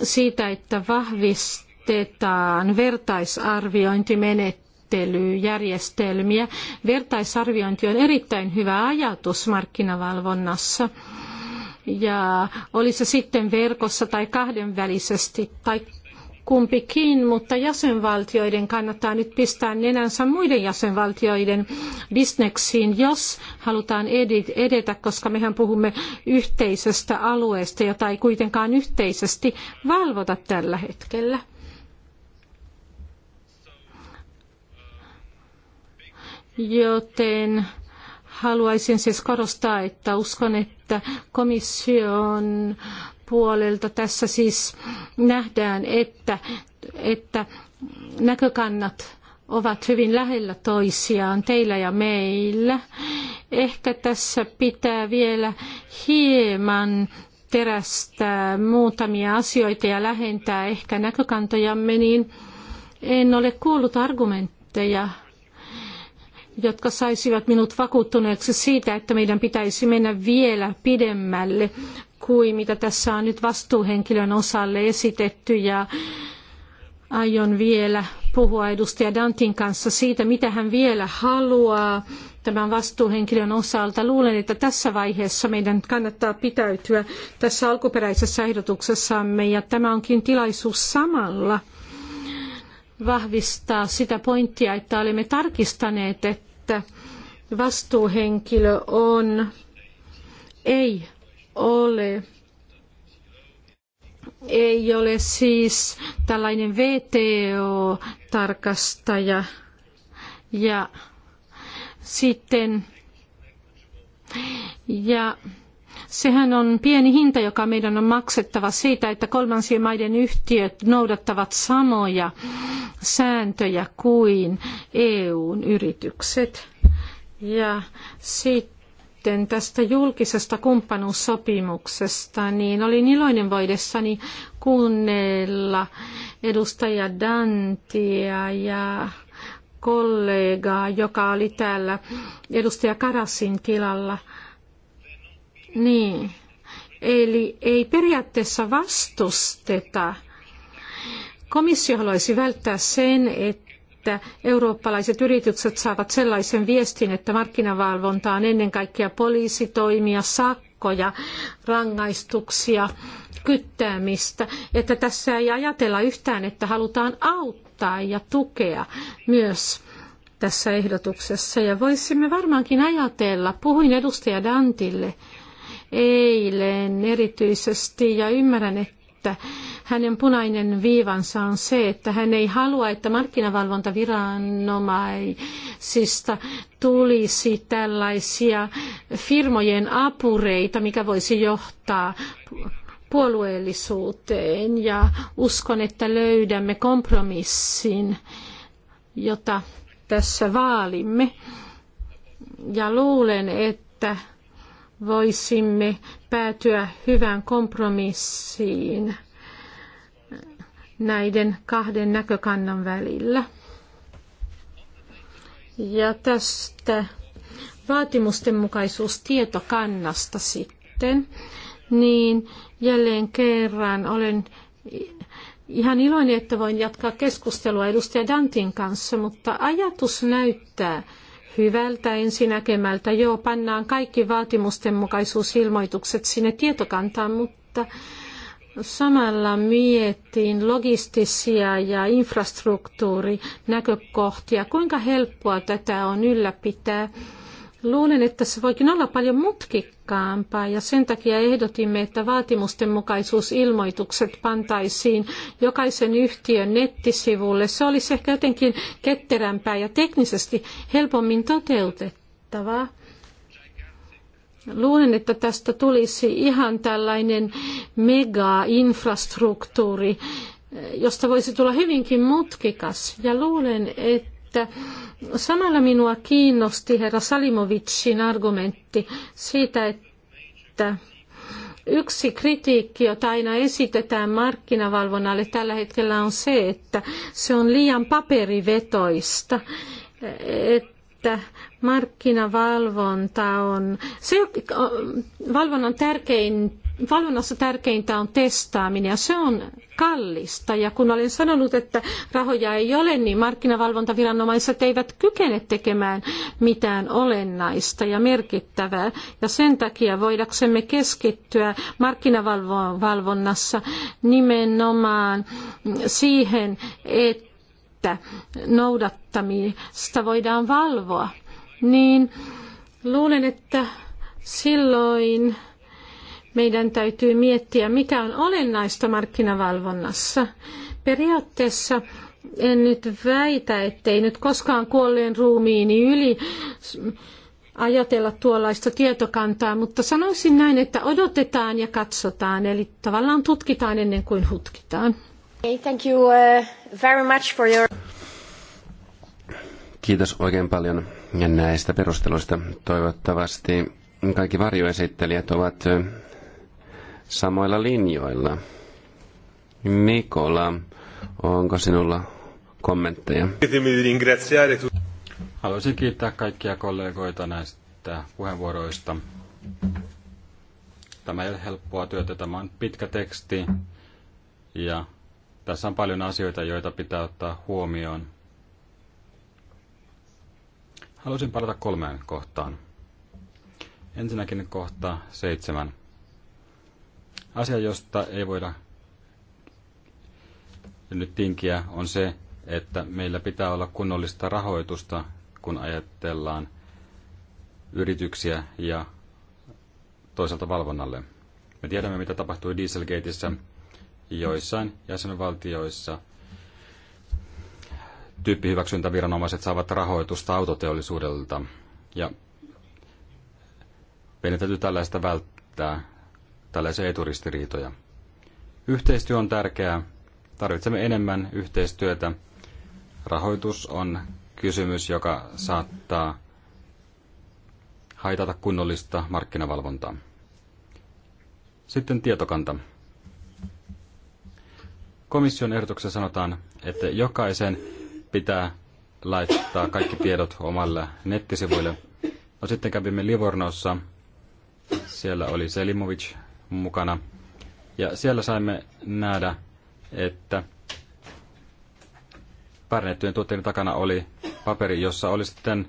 S3: siitä, että vahvistetaan vertaisarviointimenettelyä järjestelmiä. Vertaisarviointi on erittäin hyvä ajatus markkinavalvonnassa ja oli se sitten verkossa tai kahdenvälisesti tai kumpikin, mutta jäsenvaltioiden kannattaa nyt pistää nenänsä muiden jäsenvaltioiden bisneksiin, jos halutaan edetä, koska mehän puhumme yhteisestä alueesta, jota ei kuitenkaan yhteisesti valvota tällä hetkellä. Joten Haluaisin siis korostaa, että uskon, että komission puolelta tässä siis nähdään, että, että näkökannat ovat hyvin lähellä toisiaan teillä ja meillä. Ehkä tässä pitää vielä hieman terästää muutamia asioita ja lähentää ehkä näkökantojamme, niin en ole kuullut argumentteja jotka saisivat minut vakuuttuneeksi siitä, että meidän pitäisi mennä vielä pidemmälle kuin mitä tässä on nyt vastuuhenkilön osalle esitetty ja aion vielä puhua edustaja Dantin kanssa siitä, mitä hän vielä haluaa tämän vastuuhenkilön osalta. Luulen, että tässä vaiheessa meidän kannattaa pitäytyä tässä alkuperäisessä ehdotuksessamme ja tämä onkin tilaisuus samalla – vahvistaa sitä pointtia, että olemme tarkistaneet, että vastuuhenkilö on, ei ole, ei ole siis tällainen VTO-tarkastaja ja sitten ja Sehän on pieni hinta, joka meidän on maksettava siitä, että kolmansien maiden yhtiöt noudattavat samoja sääntöjä kuin EUn yritykset. Ja sitten tästä julkisesta kumppanuussopimuksesta, niin olin iloinen voidessani kuunnella edustaja Dantia ja kollegaa, joka oli täällä edustaja Karasin tilalla – niin. Eli ei periaatteessa vastusteta. Komissio haluaisi välttää sen, että eurooppalaiset yritykset saavat sellaisen viestin, että markkinavalvonta on ennen kaikkea poliisitoimia, sakkoja, rangaistuksia, kyttäämistä, että tässä ei ajatella yhtään, että halutaan auttaa ja tukea myös tässä ehdotuksessa. Ja voisimme varmaankin ajatella, puhuin edustaja Dantille, eilen erityisesti ja ymmärrän, että hänen punainen viivansa on se, että hän ei halua, että markkinavalvontaviranomaisista tulisi tällaisia firmojen apureita, mikä voisi johtaa puolueellisuuteen ja uskon, että löydämme kompromissin, jota tässä vaalimme. Ja luulen, että voisimme päätyä hyvään kompromissiin näiden kahden näkökannan välillä. Ja tästä vaatimustenmukaisuustietokannasta sitten, niin jälleen kerran olen ihan iloinen, että voin jatkaa keskustelua edustaja Dantin kanssa, mutta ajatus näyttää, hyvältä ensinäkemältä. Joo, pannaan kaikki vaatimustenmukaisuusilmoitukset sinne tietokantaan, mutta samalla miettiin logistisia ja infrastruktuurinäkökohtia. Kuinka helppoa tätä on ylläpitää? Luulen, että se voikin olla paljon mutkikkaampaa ja sen takia ehdotimme, että vaatimusten mukaisuusilmoitukset pantaisiin jokaisen yhtiön nettisivulle. Se olisi ehkä jotenkin ketterämpää ja teknisesti helpommin toteutettavaa. Luulen, että tästä tulisi ihan tällainen mega-infrastruktuuri, josta voisi tulla hyvinkin mutkikas. Ja luulen, että että Samalla minua kiinnosti herra Salimovicin argumentti siitä, että Yksi kritiikki, jota aina esitetään markkinavalvonnalle tällä hetkellä on se, että se on liian paperivetoista, että markkinavalvonta on, se valvonnan tärkein valvonnassa tärkeintä on testaaminen ja se on kallista. Ja kun olen sanonut, että rahoja ei ole, niin markkinavalvontaviranomaiset eivät kykene tekemään mitään olennaista ja merkittävää. Ja sen takia voidaksemme keskittyä markkinavalvonnassa nimenomaan siihen, että noudattamista voidaan valvoa, niin luulen, että silloin meidän täytyy miettiä, mikä on olennaista markkinavalvonnassa. Periaatteessa en nyt väitä, ettei nyt koskaan kuolleen ruumiini yli ajatella tuollaista tietokantaa, mutta sanoisin näin, että odotetaan ja katsotaan, eli tavallaan tutkitaan ennen kuin hutkitaan. Okay, thank you uh, very much for your...
S1: Kiitos oikein paljon näistä perusteluista. Toivottavasti kaikki varjoesittelijät ovat samoilla linjoilla. Nikola, onko sinulla kommentteja?
S2: Haluaisin kiittää kaikkia kollegoita näistä puheenvuoroista. Tämä ei ole helppoa työtä, tämä on pitkä teksti ja tässä on paljon asioita, joita pitää ottaa huomioon. Haluaisin palata kolmeen kohtaan. Ensinnäkin kohta seitsemän. Asia, josta ei voida nyt tinkiä, on se, että meillä pitää olla kunnollista rahoitusta, kun ajatellaan yrityksiä ja toisaalta valvonnalle. Me tiedämme, mitä tapahtui Dieselgateissa joissain jäsenvaltioissa. Tyyppihyväksyntäviranomaiset saavat rahoitusta autoteollisuudelta. Ja meidän täytyy tällaista välttää tällaisia eturistiriitoja. Yhteistyö on tärkeää. Tarvitsemme enemmän yhteistyötä. Rahoitus on kysymys, joka saattaa haitata kunnollista markkinavalvontaa. Sitten tietokanta. Komission ehdotuksessa sanotaan, että jokaisen pitää laittaa kaikki tiedot omalle nettisivuille. No sitten kävimme Livornossa. Siellä oli Selimovic mukana. Ja siellä saimme nähdä, että väärennettyjen tuotteiden takana oli paperi, jossa oli sitten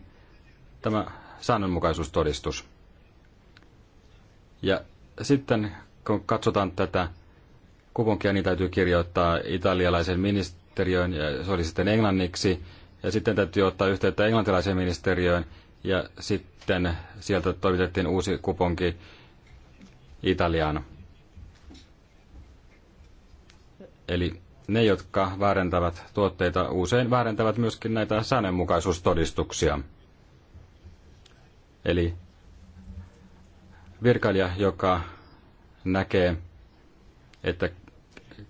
S2: tämä säännönmukaisuustodistus. Ja sitten kun katsotaan tätä kuponkia, niin täytyy kirjoittaa italialaisen ministeriön ja se oli sitten englanniksi, ja sitten täytyy ottaa yhteyttä englantilaisen ministeriöön, ja sitten sieltä toimitettiin uusi kuponki Italiano, Eli ne, jotka väärentävät tuotteita, usein väärentävät myöskin näitä säännönmukaisuustodistuksia. Eli virkailija, joka näkee, että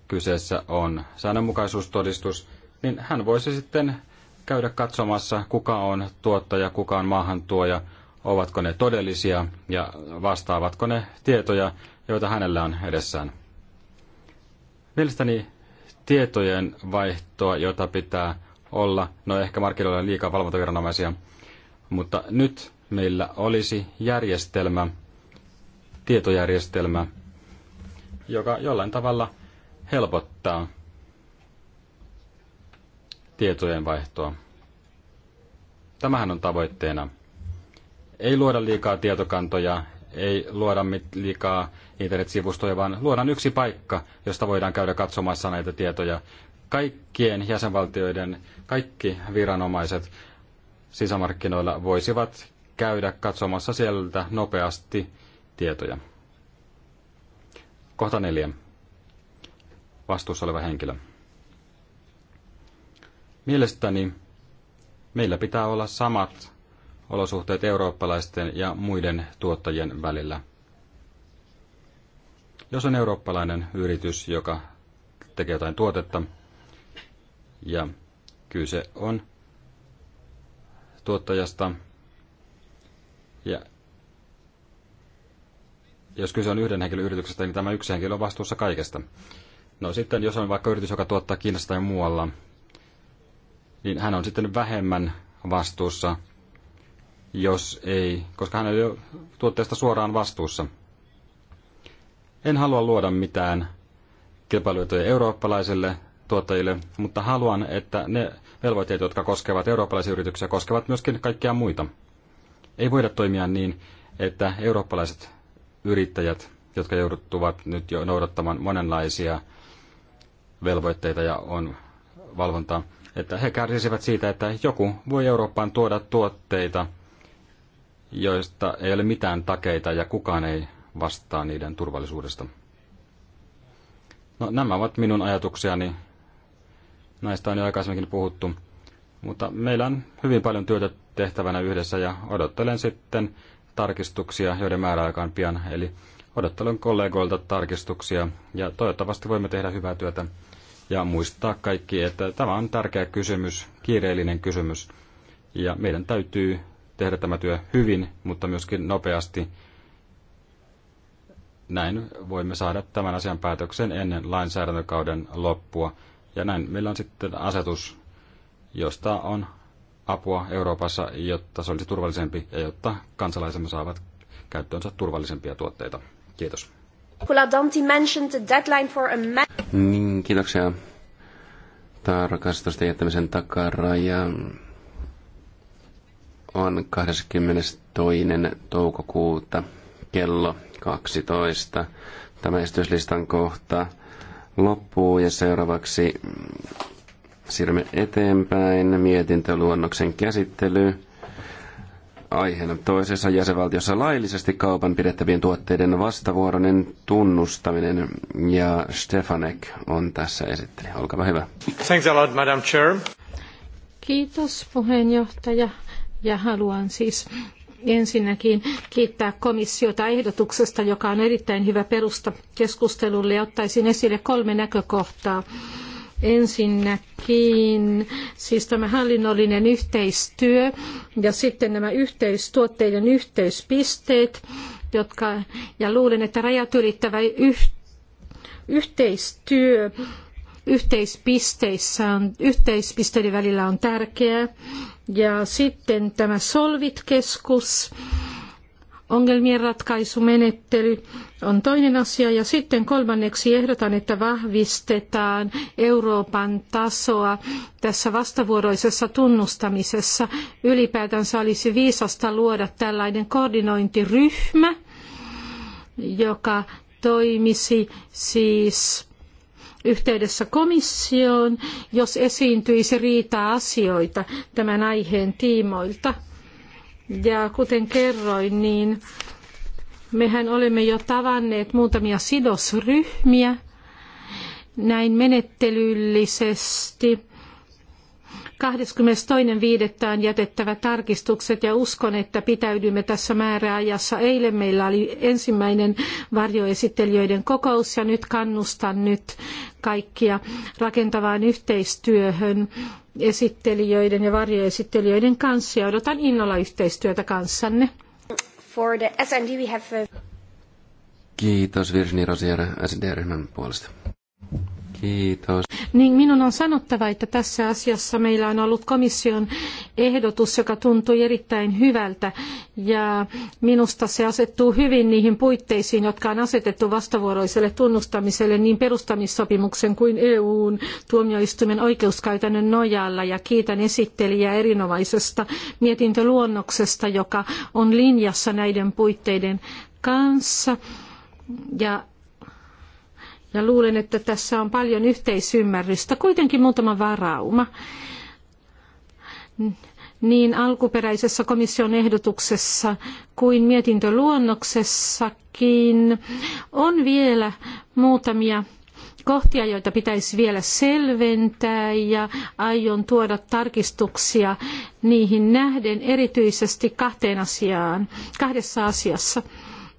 S2: kyseessä on säännönmukaisuustodistus, niin hän voisi sitten käydä katsomassa, kuka on tuottaja, kuka on maahantuoja – ovatko ne todellisia ja vastaavatko ne tietoja, joita hänellä on edessään. Mielestäni tietojen vaihtoa, jota pitää olla, no ehkä markkinoilla on liikaa valvontaviranomaisia, mutta nyt meillä olisi järjestelmä, tietojärjestelmä, joka jollain tavalla helpottaa tietojen vaihtoa. Tämähän on tavoitteena ei luoda liikaa tietokantoja, ei luoda liikaa internetsivustoja, vaan luodaan yksi paikka, josta voidaan käydä katsomassa näitä tietoja. Kaikkien jäsenvaltioiden, kaikki viranomaiset sisämarkkinoilla voisivat käydä katsomassa sieltä nopeasti tietoja. Kohta neljä. Vastuussa oleva henkilö. Mielestäni meillä pitää olla samat olosuhteet eurooppalaisten ja muiden tuottajien välillä. Jos on eurooppalainen yritys, joka tekee jotain tuotetta, ja kyse on tuottajasta, ja jos kyse on yhden henkilön yrityksestä, niin tämä yksi henkilö on vastuussa kaikesta. No sitten, jos on vaikka yritys, joka tuottaa Kiinassa tai muualla, niin hän on sitten vähemmän vastuussa jos ei, koska hän ei ole tuotteesta suoraan vastuussa. En halua luoda mitään kilpailuetuja eurooppalaisille tuottajille, mutta haluan, että ne velvoitteet, jotka koskevat eurooppalaisia yrityksiä, koskevat myöskin kaikkia muita. Ei voida toimia niin, että eurooppalaiset yrittäjät, jotka joutuvat nyt jo noudattamaan monenlaisia velvoitteita ja on valvontaa, että he kärsisivät siitä, että joku voi Eurooppaan tuoda tuotteita, joista ei ole mitään takeita ja kukaan ei vastaa niiden turvallisuudesta. No, nämä ovat minun ajatuksiani. Näistä on jo aikaisemminkin puhuttu. Mutta meillä on hyvin paljon työtä tehtävänä yhdessä ja odottelen sitten tarkistuksia, joiden määräaika on pian. Eli odottelen kollegoilta tarkistuksia ja toivottavasti voimme tehdä hyvää työtä ja muistaa kaikki, että tämä on tärkeä kysymys, kiireellinen kysymys ja meidän täytyy tehdä tämä työ hyvin, mutta myöskin nopeasti. Näin voimme saada tämän asian päätöksen ennen lainsäädäntökauden loppua. Ja näin meillä on sitten asetus, josta on apua Euroopassa, jotta se olisi turvallisempi ja jotta kansalaisemme saavat käyttöönsä turvallisempia tuotteita. Kiitos.
S1: Niin, kiitoksia. Tarkastusten jättämisen takaraja on 22. toukokuuta kello 12. Tämä esityslistan kohta loppuu ja seuraavaksi siirrymme eteenpäin mietintöluonnoksen käsittely. aiheena toisessa jäsenvaltiossa laillisesti kaupan pidettävien tuotteiden vastavuoroinen tunnustaminen. Ja Stefanek on tässä esittely. Olkaa hyvä.
S3: Thanks a lot, Madam Chair. Kiitos puheenjohtaja ja haluan siis ensinnäkin kiittää komissiota ehdotuksesta, joka on erittäin hyvä perusta keskustelulle ja ottaisin esille kolme näkökohtaa. Ensinnäkin siis tämä hallinnollinen yhteistyö ja sitten nämä yhteistuotteiden yhteispisteet, jotka, ja luulen, että rajat ylittävä yhteistyö yhteispisteissä on, yhteispisteiden välillä on tärkeää. Ja sitten tämä Solvit-keskus, ongelmien ratkaisumenettely on toinen asia. Ja sitten kolmanneksi ehdotan, että vahvistetaan Euroopan tasoa tässä vastavuoroisessa tunnustamisessa. Ylipäätänsä olisi viisasta luoda tällainen koordinointiryhmä, joka toimisi siis yhteydessä komissioon, jos esiintyisi riita-asioita tämän aiheen tiimoilta. Ja kuten kerroin, niin mehän olemme jo tavanneet muutamia sidosryhmiä näin menettelyllisesti 22.5. on jätettävä tarkistukset ja uskon, että pitäydymme tässä määräajassa. Eilen meillä oli ensimmäinen varjoesittelijöiden kokous ja nyt kannustan nyt kaikkia rakentavaan yhteistyöhön esittelijöiden ja varjoesittelijöiden kanssa ja odotan innolla yhteistyötä kanssanne. For the SND we have...
S1: Kiitos Virginia Rosier SND-ryhmän puolesta. Kiitos.
S3: Niin minun on sanottava, että tässä asiassa meillä on ollut komission ehdotus, joka tuntui erittäin hyvältä. Ja minusta se asettuu hyvin niihin puitteisiin, jotka on asetettu vastavuoroiselle tunnustamiselle niin perustamissopimuksen kuin EUn tuomioistuimen oikeuskäytännön nojalla. Ja kiitän esittelijää erinomaisesta mietintöluonnoksesta, joka on linjassa näiden puitteiden kanssa. Ja ja luulen, että tässä on paljon yhteisymmärrystä, kuitenkin muutama varauma. Niin alkuperäisessä komission ehdotuksessa kuin mietintöluonnoksessakin on vielä muutamia kohtia, joita pitäisi vielä selventää ja aion tuoda tarkistuksia niihin nähden erityisesti kahteen asiaan, kahdessa asiassa.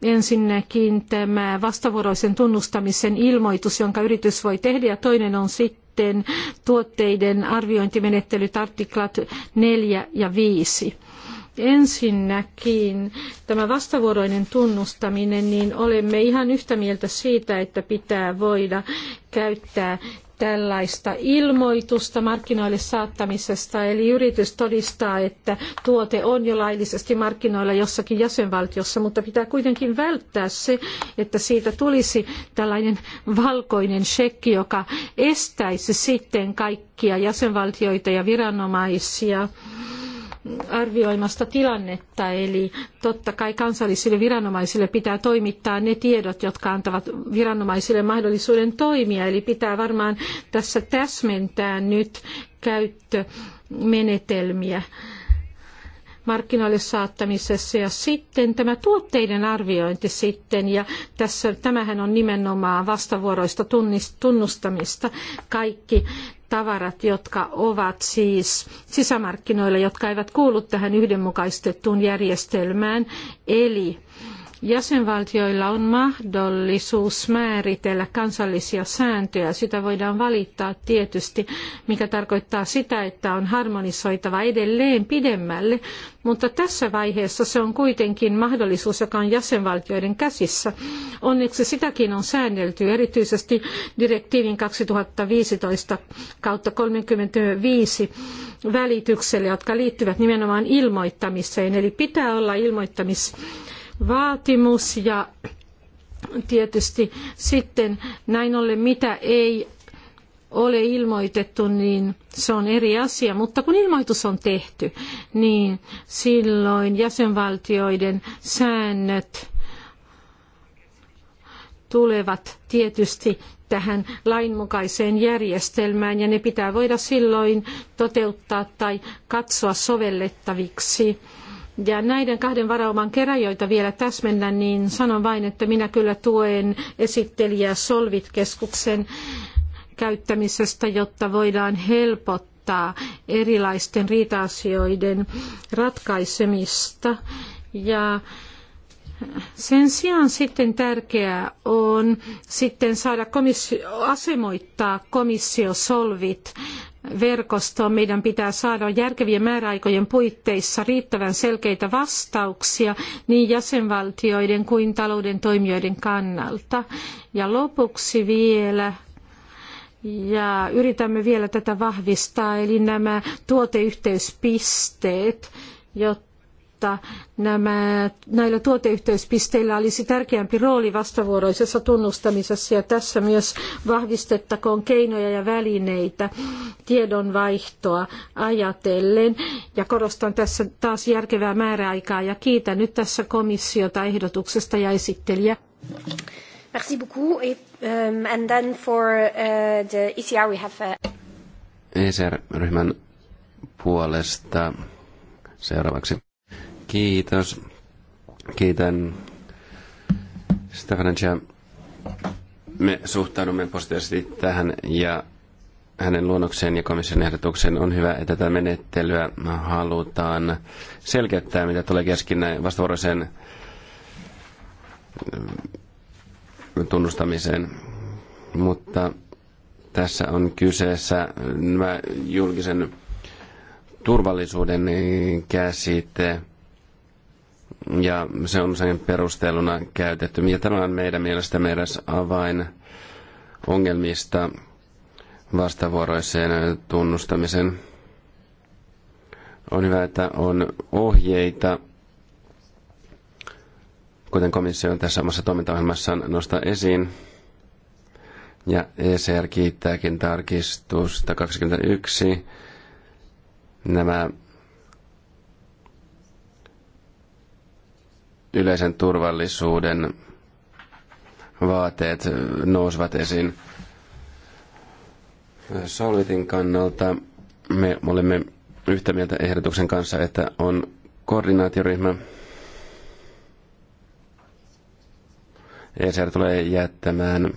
S3: Ensinnäkin tämä vastavuoroisen tunnustamisen ilmoitus, jonka yritys voi tehdä, ja toinen on sitten tuotteiden arviointimenettelyt artiklat 4 ja 5. Ensinnäkin tämä vastavuoroinen tunnustaminen, niin olemme ihan yhtä mieltä siitä, että pitää voida käyttää tällaista ilmoitusta markkinoille saattamisesta, eli yritys todistaa, että tuote on jo laillisesti markkinoilla jossakin jäsenvaltiossa, mutta pitää kuitenkin välttää se, että siitä tulisi tällainen valkoinen shekki, joka estäisi sitten kaikkia jäsenvaltioita ja viranomaisia arvioimasta tilannetta, eli totta kai kansallisille viranomaisille pitää toimittaa ne tiedot, jotka antavat viranomaisille mahdollisuuden toimia, eli pitää varmaan tässä täsmentää nyt käyttömenetelmiä markkinoille saattamisessa ja sitten tämä tuotteiden arviointi sitten ja tässä, tämähän on nimenomaan vastavuoroista tunnustamista. Kaikki tavarat, jotka ovat siis sisämarkkinoilla, jotka eivät kuulu tähän yhdenmukaistettuun järjestelmään, eli Jäsenvaltioilla on mahdollisuus määritellä kansallisia sääntöjä. Sitä voidaan valittaa tietysti, mikä tarkoittaa sitä, että on harmonisoitava edelleen pidemmälle, mutta tässä vaiheessa se on kuitenkin mahdollisuus, joka on jäsenvaltioiden käsissä. Onneksi sitäkin on säännelty erityisesti direktiivin 2015 kautta 35 välitykselle, jotka liittyvät nimenomaan ilmoittamiseen. Eli pitää olla ilmoittamis vaatimus ja tietysti sitten näin ollen mitä ei ole ilmoitettu, niin se on eri asia, mutta kun ilmoitus on tehty, niin silloin jäsenvaltioiden säännöt tulevat tietysti tähän lainmukaiseen järjestelmään ja ne pitää voida silloin toteuttaa tai katsoa sovellettaviksi ja näiden kahden varauman keräjoita vielä täsmennän, niin sanon vain, että minä kyllä tuen esittelijä Solvit-keskuksen käyttämisestä, jotta voidaan helpottaa erilaisten riita-asioiden ratkaisemista. Ja sen sijaan sitten tärkeää on sitten saada komissio, asemoittaa komissio solvit verkostoon. Meidän pitää saada järkevien määräaikojen puitteissa riittävän selkeitä vastauksia niin jäsenvaltioiden kuin talouden toimijoiden kannalta. Ja lopuksi vielä ja yritämme vielä tätä vahvistaa, eli nämä tuoteyhteyspisteet, jotta että nämä, näillä tuoteyhteyspisteillä olisi tärkeämpi rooli vastavuoroisessa tunnustamisessa ja tässä myös vahvistettakoon keinoja ja välineitä tiedonvaihtoa ajatellen. Ja korostan tässä taas järkevää määräaikaa ja kiitän nyt tässä komissiota ehdotuksesta ja esittelijä. Merci beaucoup. um, and then for uh, the ECR we have... Uh...
S1: ECR-ryhmän puolesta seuraavaksi Kiitos. Kiitän Jam. Me suhtaudumme positiivisesti tähän ja hänen luonnokseen ja komission ehdotukseen on hyvä, että tätä menettelyä halutaan selkeyttää, mitä tulee keskin vastavuoroiseen äh, tunnustamiseen. Mutta tässä on kyseessä äh, julkisen turvallisuuden käsite – ja se on sen perusteluna käytetty. Ja tämä on meidän mielestä meidän avain ongelmista vastavuoroiseen tunnustamisen. On hyvä, että on ohjeita, kuten komissio on tässä omassa toimintaohjelmassaan nostaa esiin. Ja ECR kiittääkin tarkistusta 21. Nämä yleisen turvallisuuden vaateet nousivat esiin. Solvitin kannalta me olemme yhtä mieltä ehdotuksen kanssa, että on koordinaatioryhmä. ECR tulee jättämään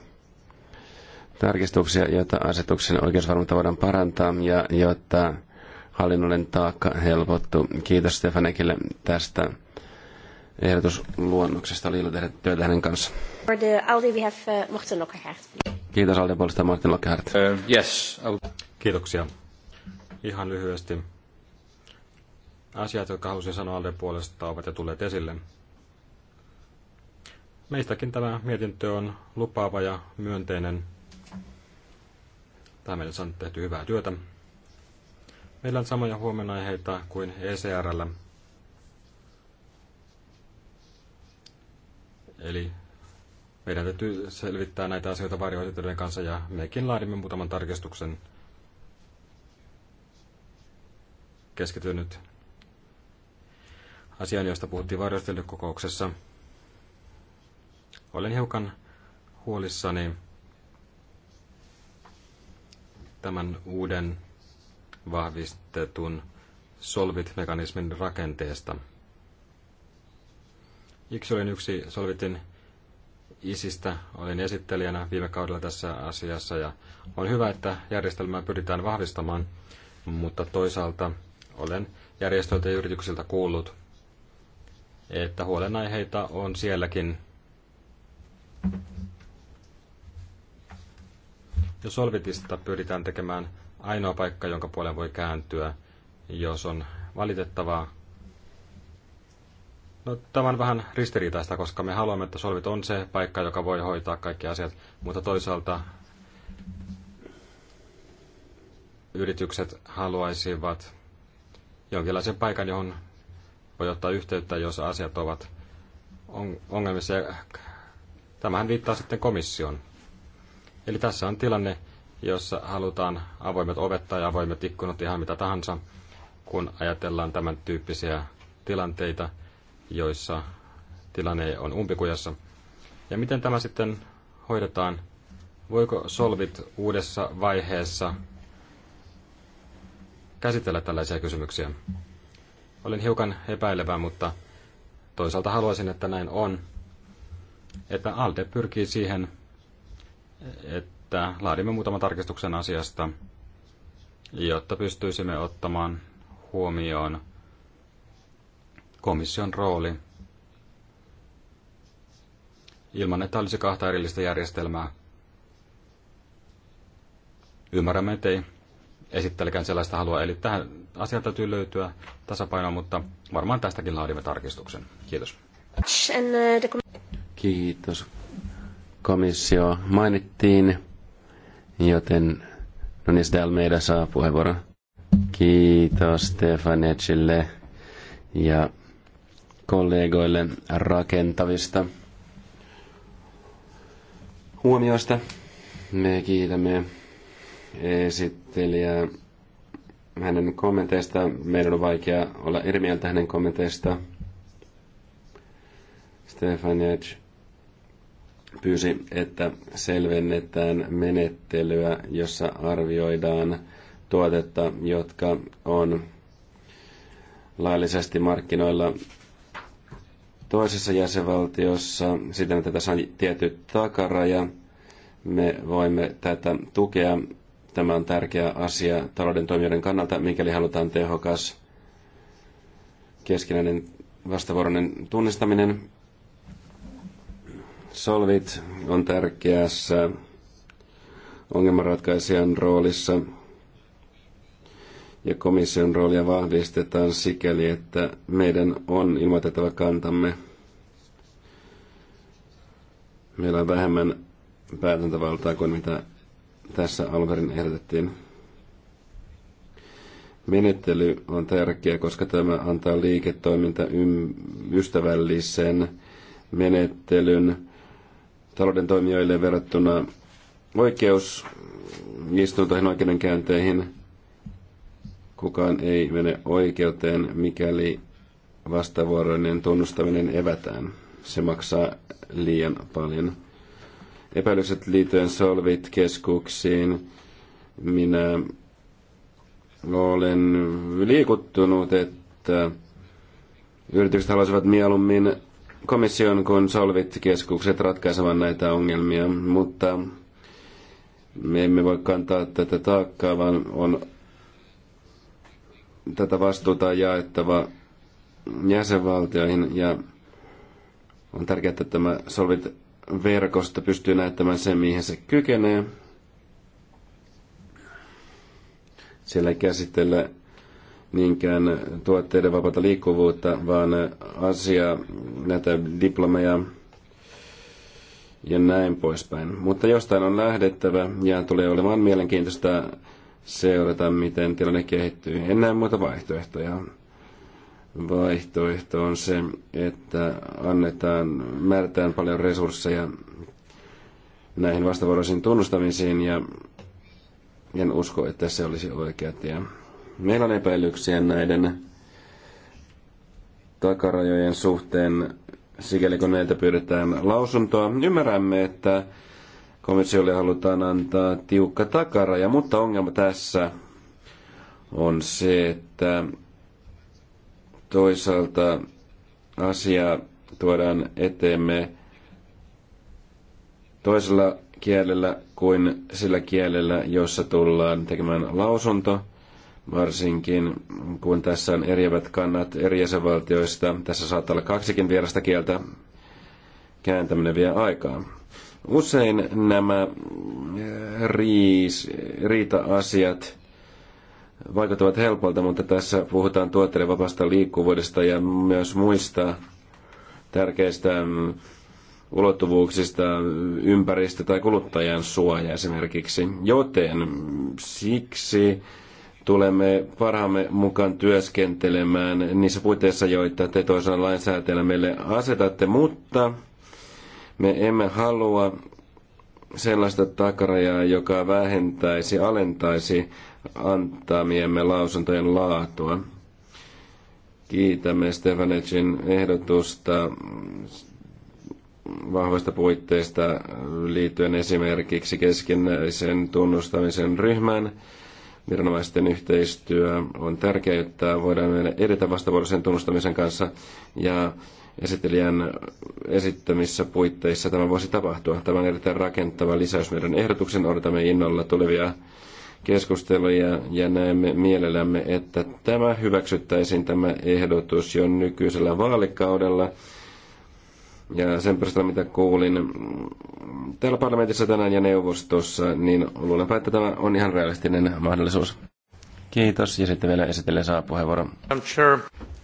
S1: tarkistuksia, jotta asetuksen oikeusvarmuutta voidaan parantaa ja jotta hallinnollinen taakka helpottuu. Kiitos Stefanekille tästä ehdotusluonnoksesta. ilo tehdä työtä hänen kanssa. For the Aldi we have uh, Lockhart. Kiitos Aldi puolesta Martin Lockhart. Uh, yes. Kiitoksia.
S2: Ihan lyhyesti. Asiat, jotka halusin sanoa Alden puolesta, ovat jo tulleet esille. Meistäkin tämä mietintö on lupaava ja myönteinen. Tämä meillä on tehty hyvää työtä. Meillä on samoja huomenaiheita kuin ECRllä, Eli meidän täytyy selvittää näitä asioita varjoesittelyiden kanssa ja mekin laadimme muutaman tarkistuksen keskityn nyt asiaan, josta puhuttiin varjostelukokouksessa. Olen hiukan huolissani tämän uuden vahvistetun solvit-mekanismin rakenteesta – Yksi olin yksi Solvitin isistä. Olin esittelijänä viime kaudella tässä asiassa ja on hyvä, että järjestelmää pyritään vahvistamaan, mutta toisaalta olen järjestöiltä ja yrityksiltä kuullut, että huolenaiheita on sielläkin. Jos Solvitista pyritään tekemään ainoa paikka, jonka puolen voi kääntyä, jos on valitettavaa, No, tämä on vähän ristiriitaista, koska me haluamme, että solvit on se paikka, joka voi hoitaa kaikki asiat, mutta toisaalta yritykset haluaisivat jonkinlaisen paikan, johon voi ottaa yhteyttä, jos asiat ovat ongelmissa. tämähän viittaa sitten komission. Eli tässä on tilanne, jossa halutaan avoimet ovet tai avoimet ikkunat, ihan mitä tahansa, kun ajatellaan tämän tyyppisiä tilanteita – joissa tilanne on umpikujassa. Ja miten tämä sitten hoidetaan? Voiko Solvit uudessa vaiheessa käsitellä tällaisia kysymyksiä? Olin hiukan epäilevä, mutta toisaalta haluaisin, että näin on. Että ALDE pyrkii siihen, että laadimme muutaman tarkistuksen asiasta, jotta pystyisimme ottamaan huomioon komission rooli ilman, että olisi kahta erillistä järjestelmää. Ymmärrämme, ettei esittelekään sellaista halua. Eli tähän asiaan täytyy löytyä tasapainoa, mutta varmaan tästäkin laadimme tarkistuksen.
S1: Kiitos. Kiitos. Komissio mainittiin, joten no niin, Dalmeida saa puheenvuoron. Kiitos Stefanecille ja kollegoille rakentavista huomioista. Me kiitämme esittelijää hänen kommenteista. Meidän on vaikea olla eri mieltä hänen kommenteista. Edge pyysi, että selvennetään menettelyä, jossa arvioidaan tuotetta, jotka on laillisesti markkinoilla toisessa jäsenvaltiossa siten, että tässä on tietty takaraja. Me voimme tätä tukea. Tämä on tärkeä asia talouden toimijoiden kannalta, mikäli halutaan tehokas keskinäinen vastavuoroinen tunnistaminen. Solvit on tärkeässä ongelmanratkaisijan roolissa ja komission roolia vahvistetaan sikäli, että meidän on ilmoitettava kantamme. Meillä on vähemmän päätäntävaltaa kuin mitä tässä Alverin ehdotettiin. Menettely on tärkeä, koska tämä antaa liiketoiminta ystävällisen menettelyn talouden toimijoille verrattuna oikeusistuintoihin oikeudenkäynteihin – Kukaan ei mene oikeuteen, mikäli vastavuoroinen tunnustaminen evätään. Se maksaa liian paljon. Epäilykset liittyen Solvit-keskuksiin. Minä olen liikuttunut, että yritykset haluaisivat mieluummin komission kuin Solvit-keskukset ratkaisevan näitä ongelmia, mutta me emme voi kantaa tätä taakkaa, vaan on tätä vastuuta on jaettava jäsenvaltioihin ja on tärkeää, että tämä solvit verkosto pystyy näyttämään sen, mihin se kykenee. Siellä ei käsitellä niinkään tuotteiden vapaata liikkuvuutta, vaan asia näitä diplomeja ja näin poispäin. Mutta jostain on lähdettävä ja tulee olemaan mielenkiintoista seurata, miten tilanne kehittyy. En näe muuta vaihtoehtoja. Vaihtoehto on se, että annetaan, määrätään paljon resursseja näihin vastavuoroisiin tunnustamisiin ja en usko, että se olisi oikea tie. Meillä on epäilyksiä näiden takarajojen suhteen, sikäli kun meiltä pyydetään lausuntoa. Ymmärrämme, että Komissiolle halutaan antaa tiukka takaraja, mutta ongelma tässä on se, että toisaalta asia tuodaan eteemme toisella kielellä kuin sillä kielellä, jossa tullaan tekemään lausunto, varsinkin kun tässä on eriävät kannat eri jäsenvaltioista. Tässä saattaa olla kaksikin vierasta kieltä. Kääntäminen vie aikaa. Usein nämä äh, riis, riita-asiat vaikuttavat helpolta, mutta tässä puhutaan tuotteiden vapaasta liikkuvuudesta ja myös muista tärkeistä mm, ulottuvuuksista ympäristö- tai kuluttajan suoja esimerkiksi. Joten siksi tulemme parhaamme mukaan työskentelemään niissä puitteissa, joita te toisaalta lainsäätäjällä meille asetatte, mutta me emme halua sellaista takarajaa, joka vähentäisi, alentaisi antamiemme lausuntojen laatua. Kiitämme Stefanetsin ehdotusta vahvasta puitteista liittyen esimerkiksi keskinäisen tunnustamisen ryhmän Viranomaisten yhteistyö on tärkeää, jotta voidaan edetä vastavuoroisen tunnustamisen kanssa ja esittelijän esittämissä puitteissa tämä voisi tapahtua. Tämä on erittäin rakentava lisäys meidän ehdotuksen. Odotamme innolla tulevia keskusteluja ja näemme mielellämme, että tämä hyväksyttäisiin tämä ehdotus jo nykyisellä vaalikaudella. Ja sen perusteella, mitä kuulin täällä parlamentissa tänään ja neuvostossa, niin luulenpa, että tämä on ihan realistinen mahdollisuus. Kiitos. Ja sitten vielä esitellen saa puheenvuoron.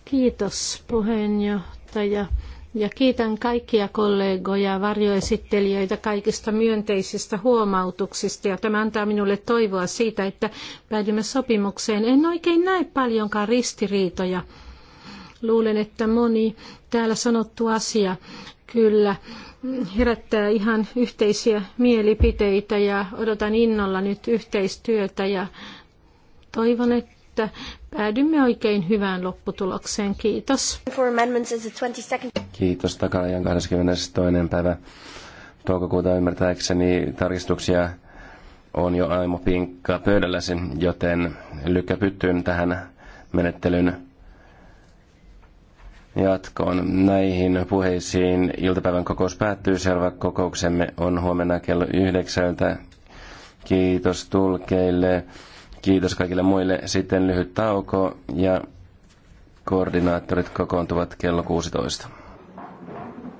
S3: Kiitos puheenjohtaja puheenjohtaja. Ja kiitän kaikkia kollegoja, varjoesittelijöitä kaikista myönteisistä huomautuksista. Ja tämä antaa minulle toivoa siitä, että päädymme sopimukseen. En oikein näe paljonkaan ristiriitoja. Luulen, että moni täällä sanottu asia kyllä herättää ihan yhteisiä mielipiteitä ja odotan innolla nyt yhteistyötä ja toivon, että päädymme oikein hyvään lopputulokseen. Kiitos.
S1: Kiitos takarajan 22. päivä toukokuuta ymmärtääkseni tarkistuksia on jo Aimo Pinkka pöydälläsi, joten lykkä pyttyyn tähän menettelyn jatkoon. Näihin puheisiin iltapäivän kokous päättyy. Seuraava kokouksemme on huomenna kello yhdeksältä. Kiitos tulkeille. Kiitos kaikille muille. Sitten lyhyt tauko ja koordinaattorit kokoontuvat kello 16.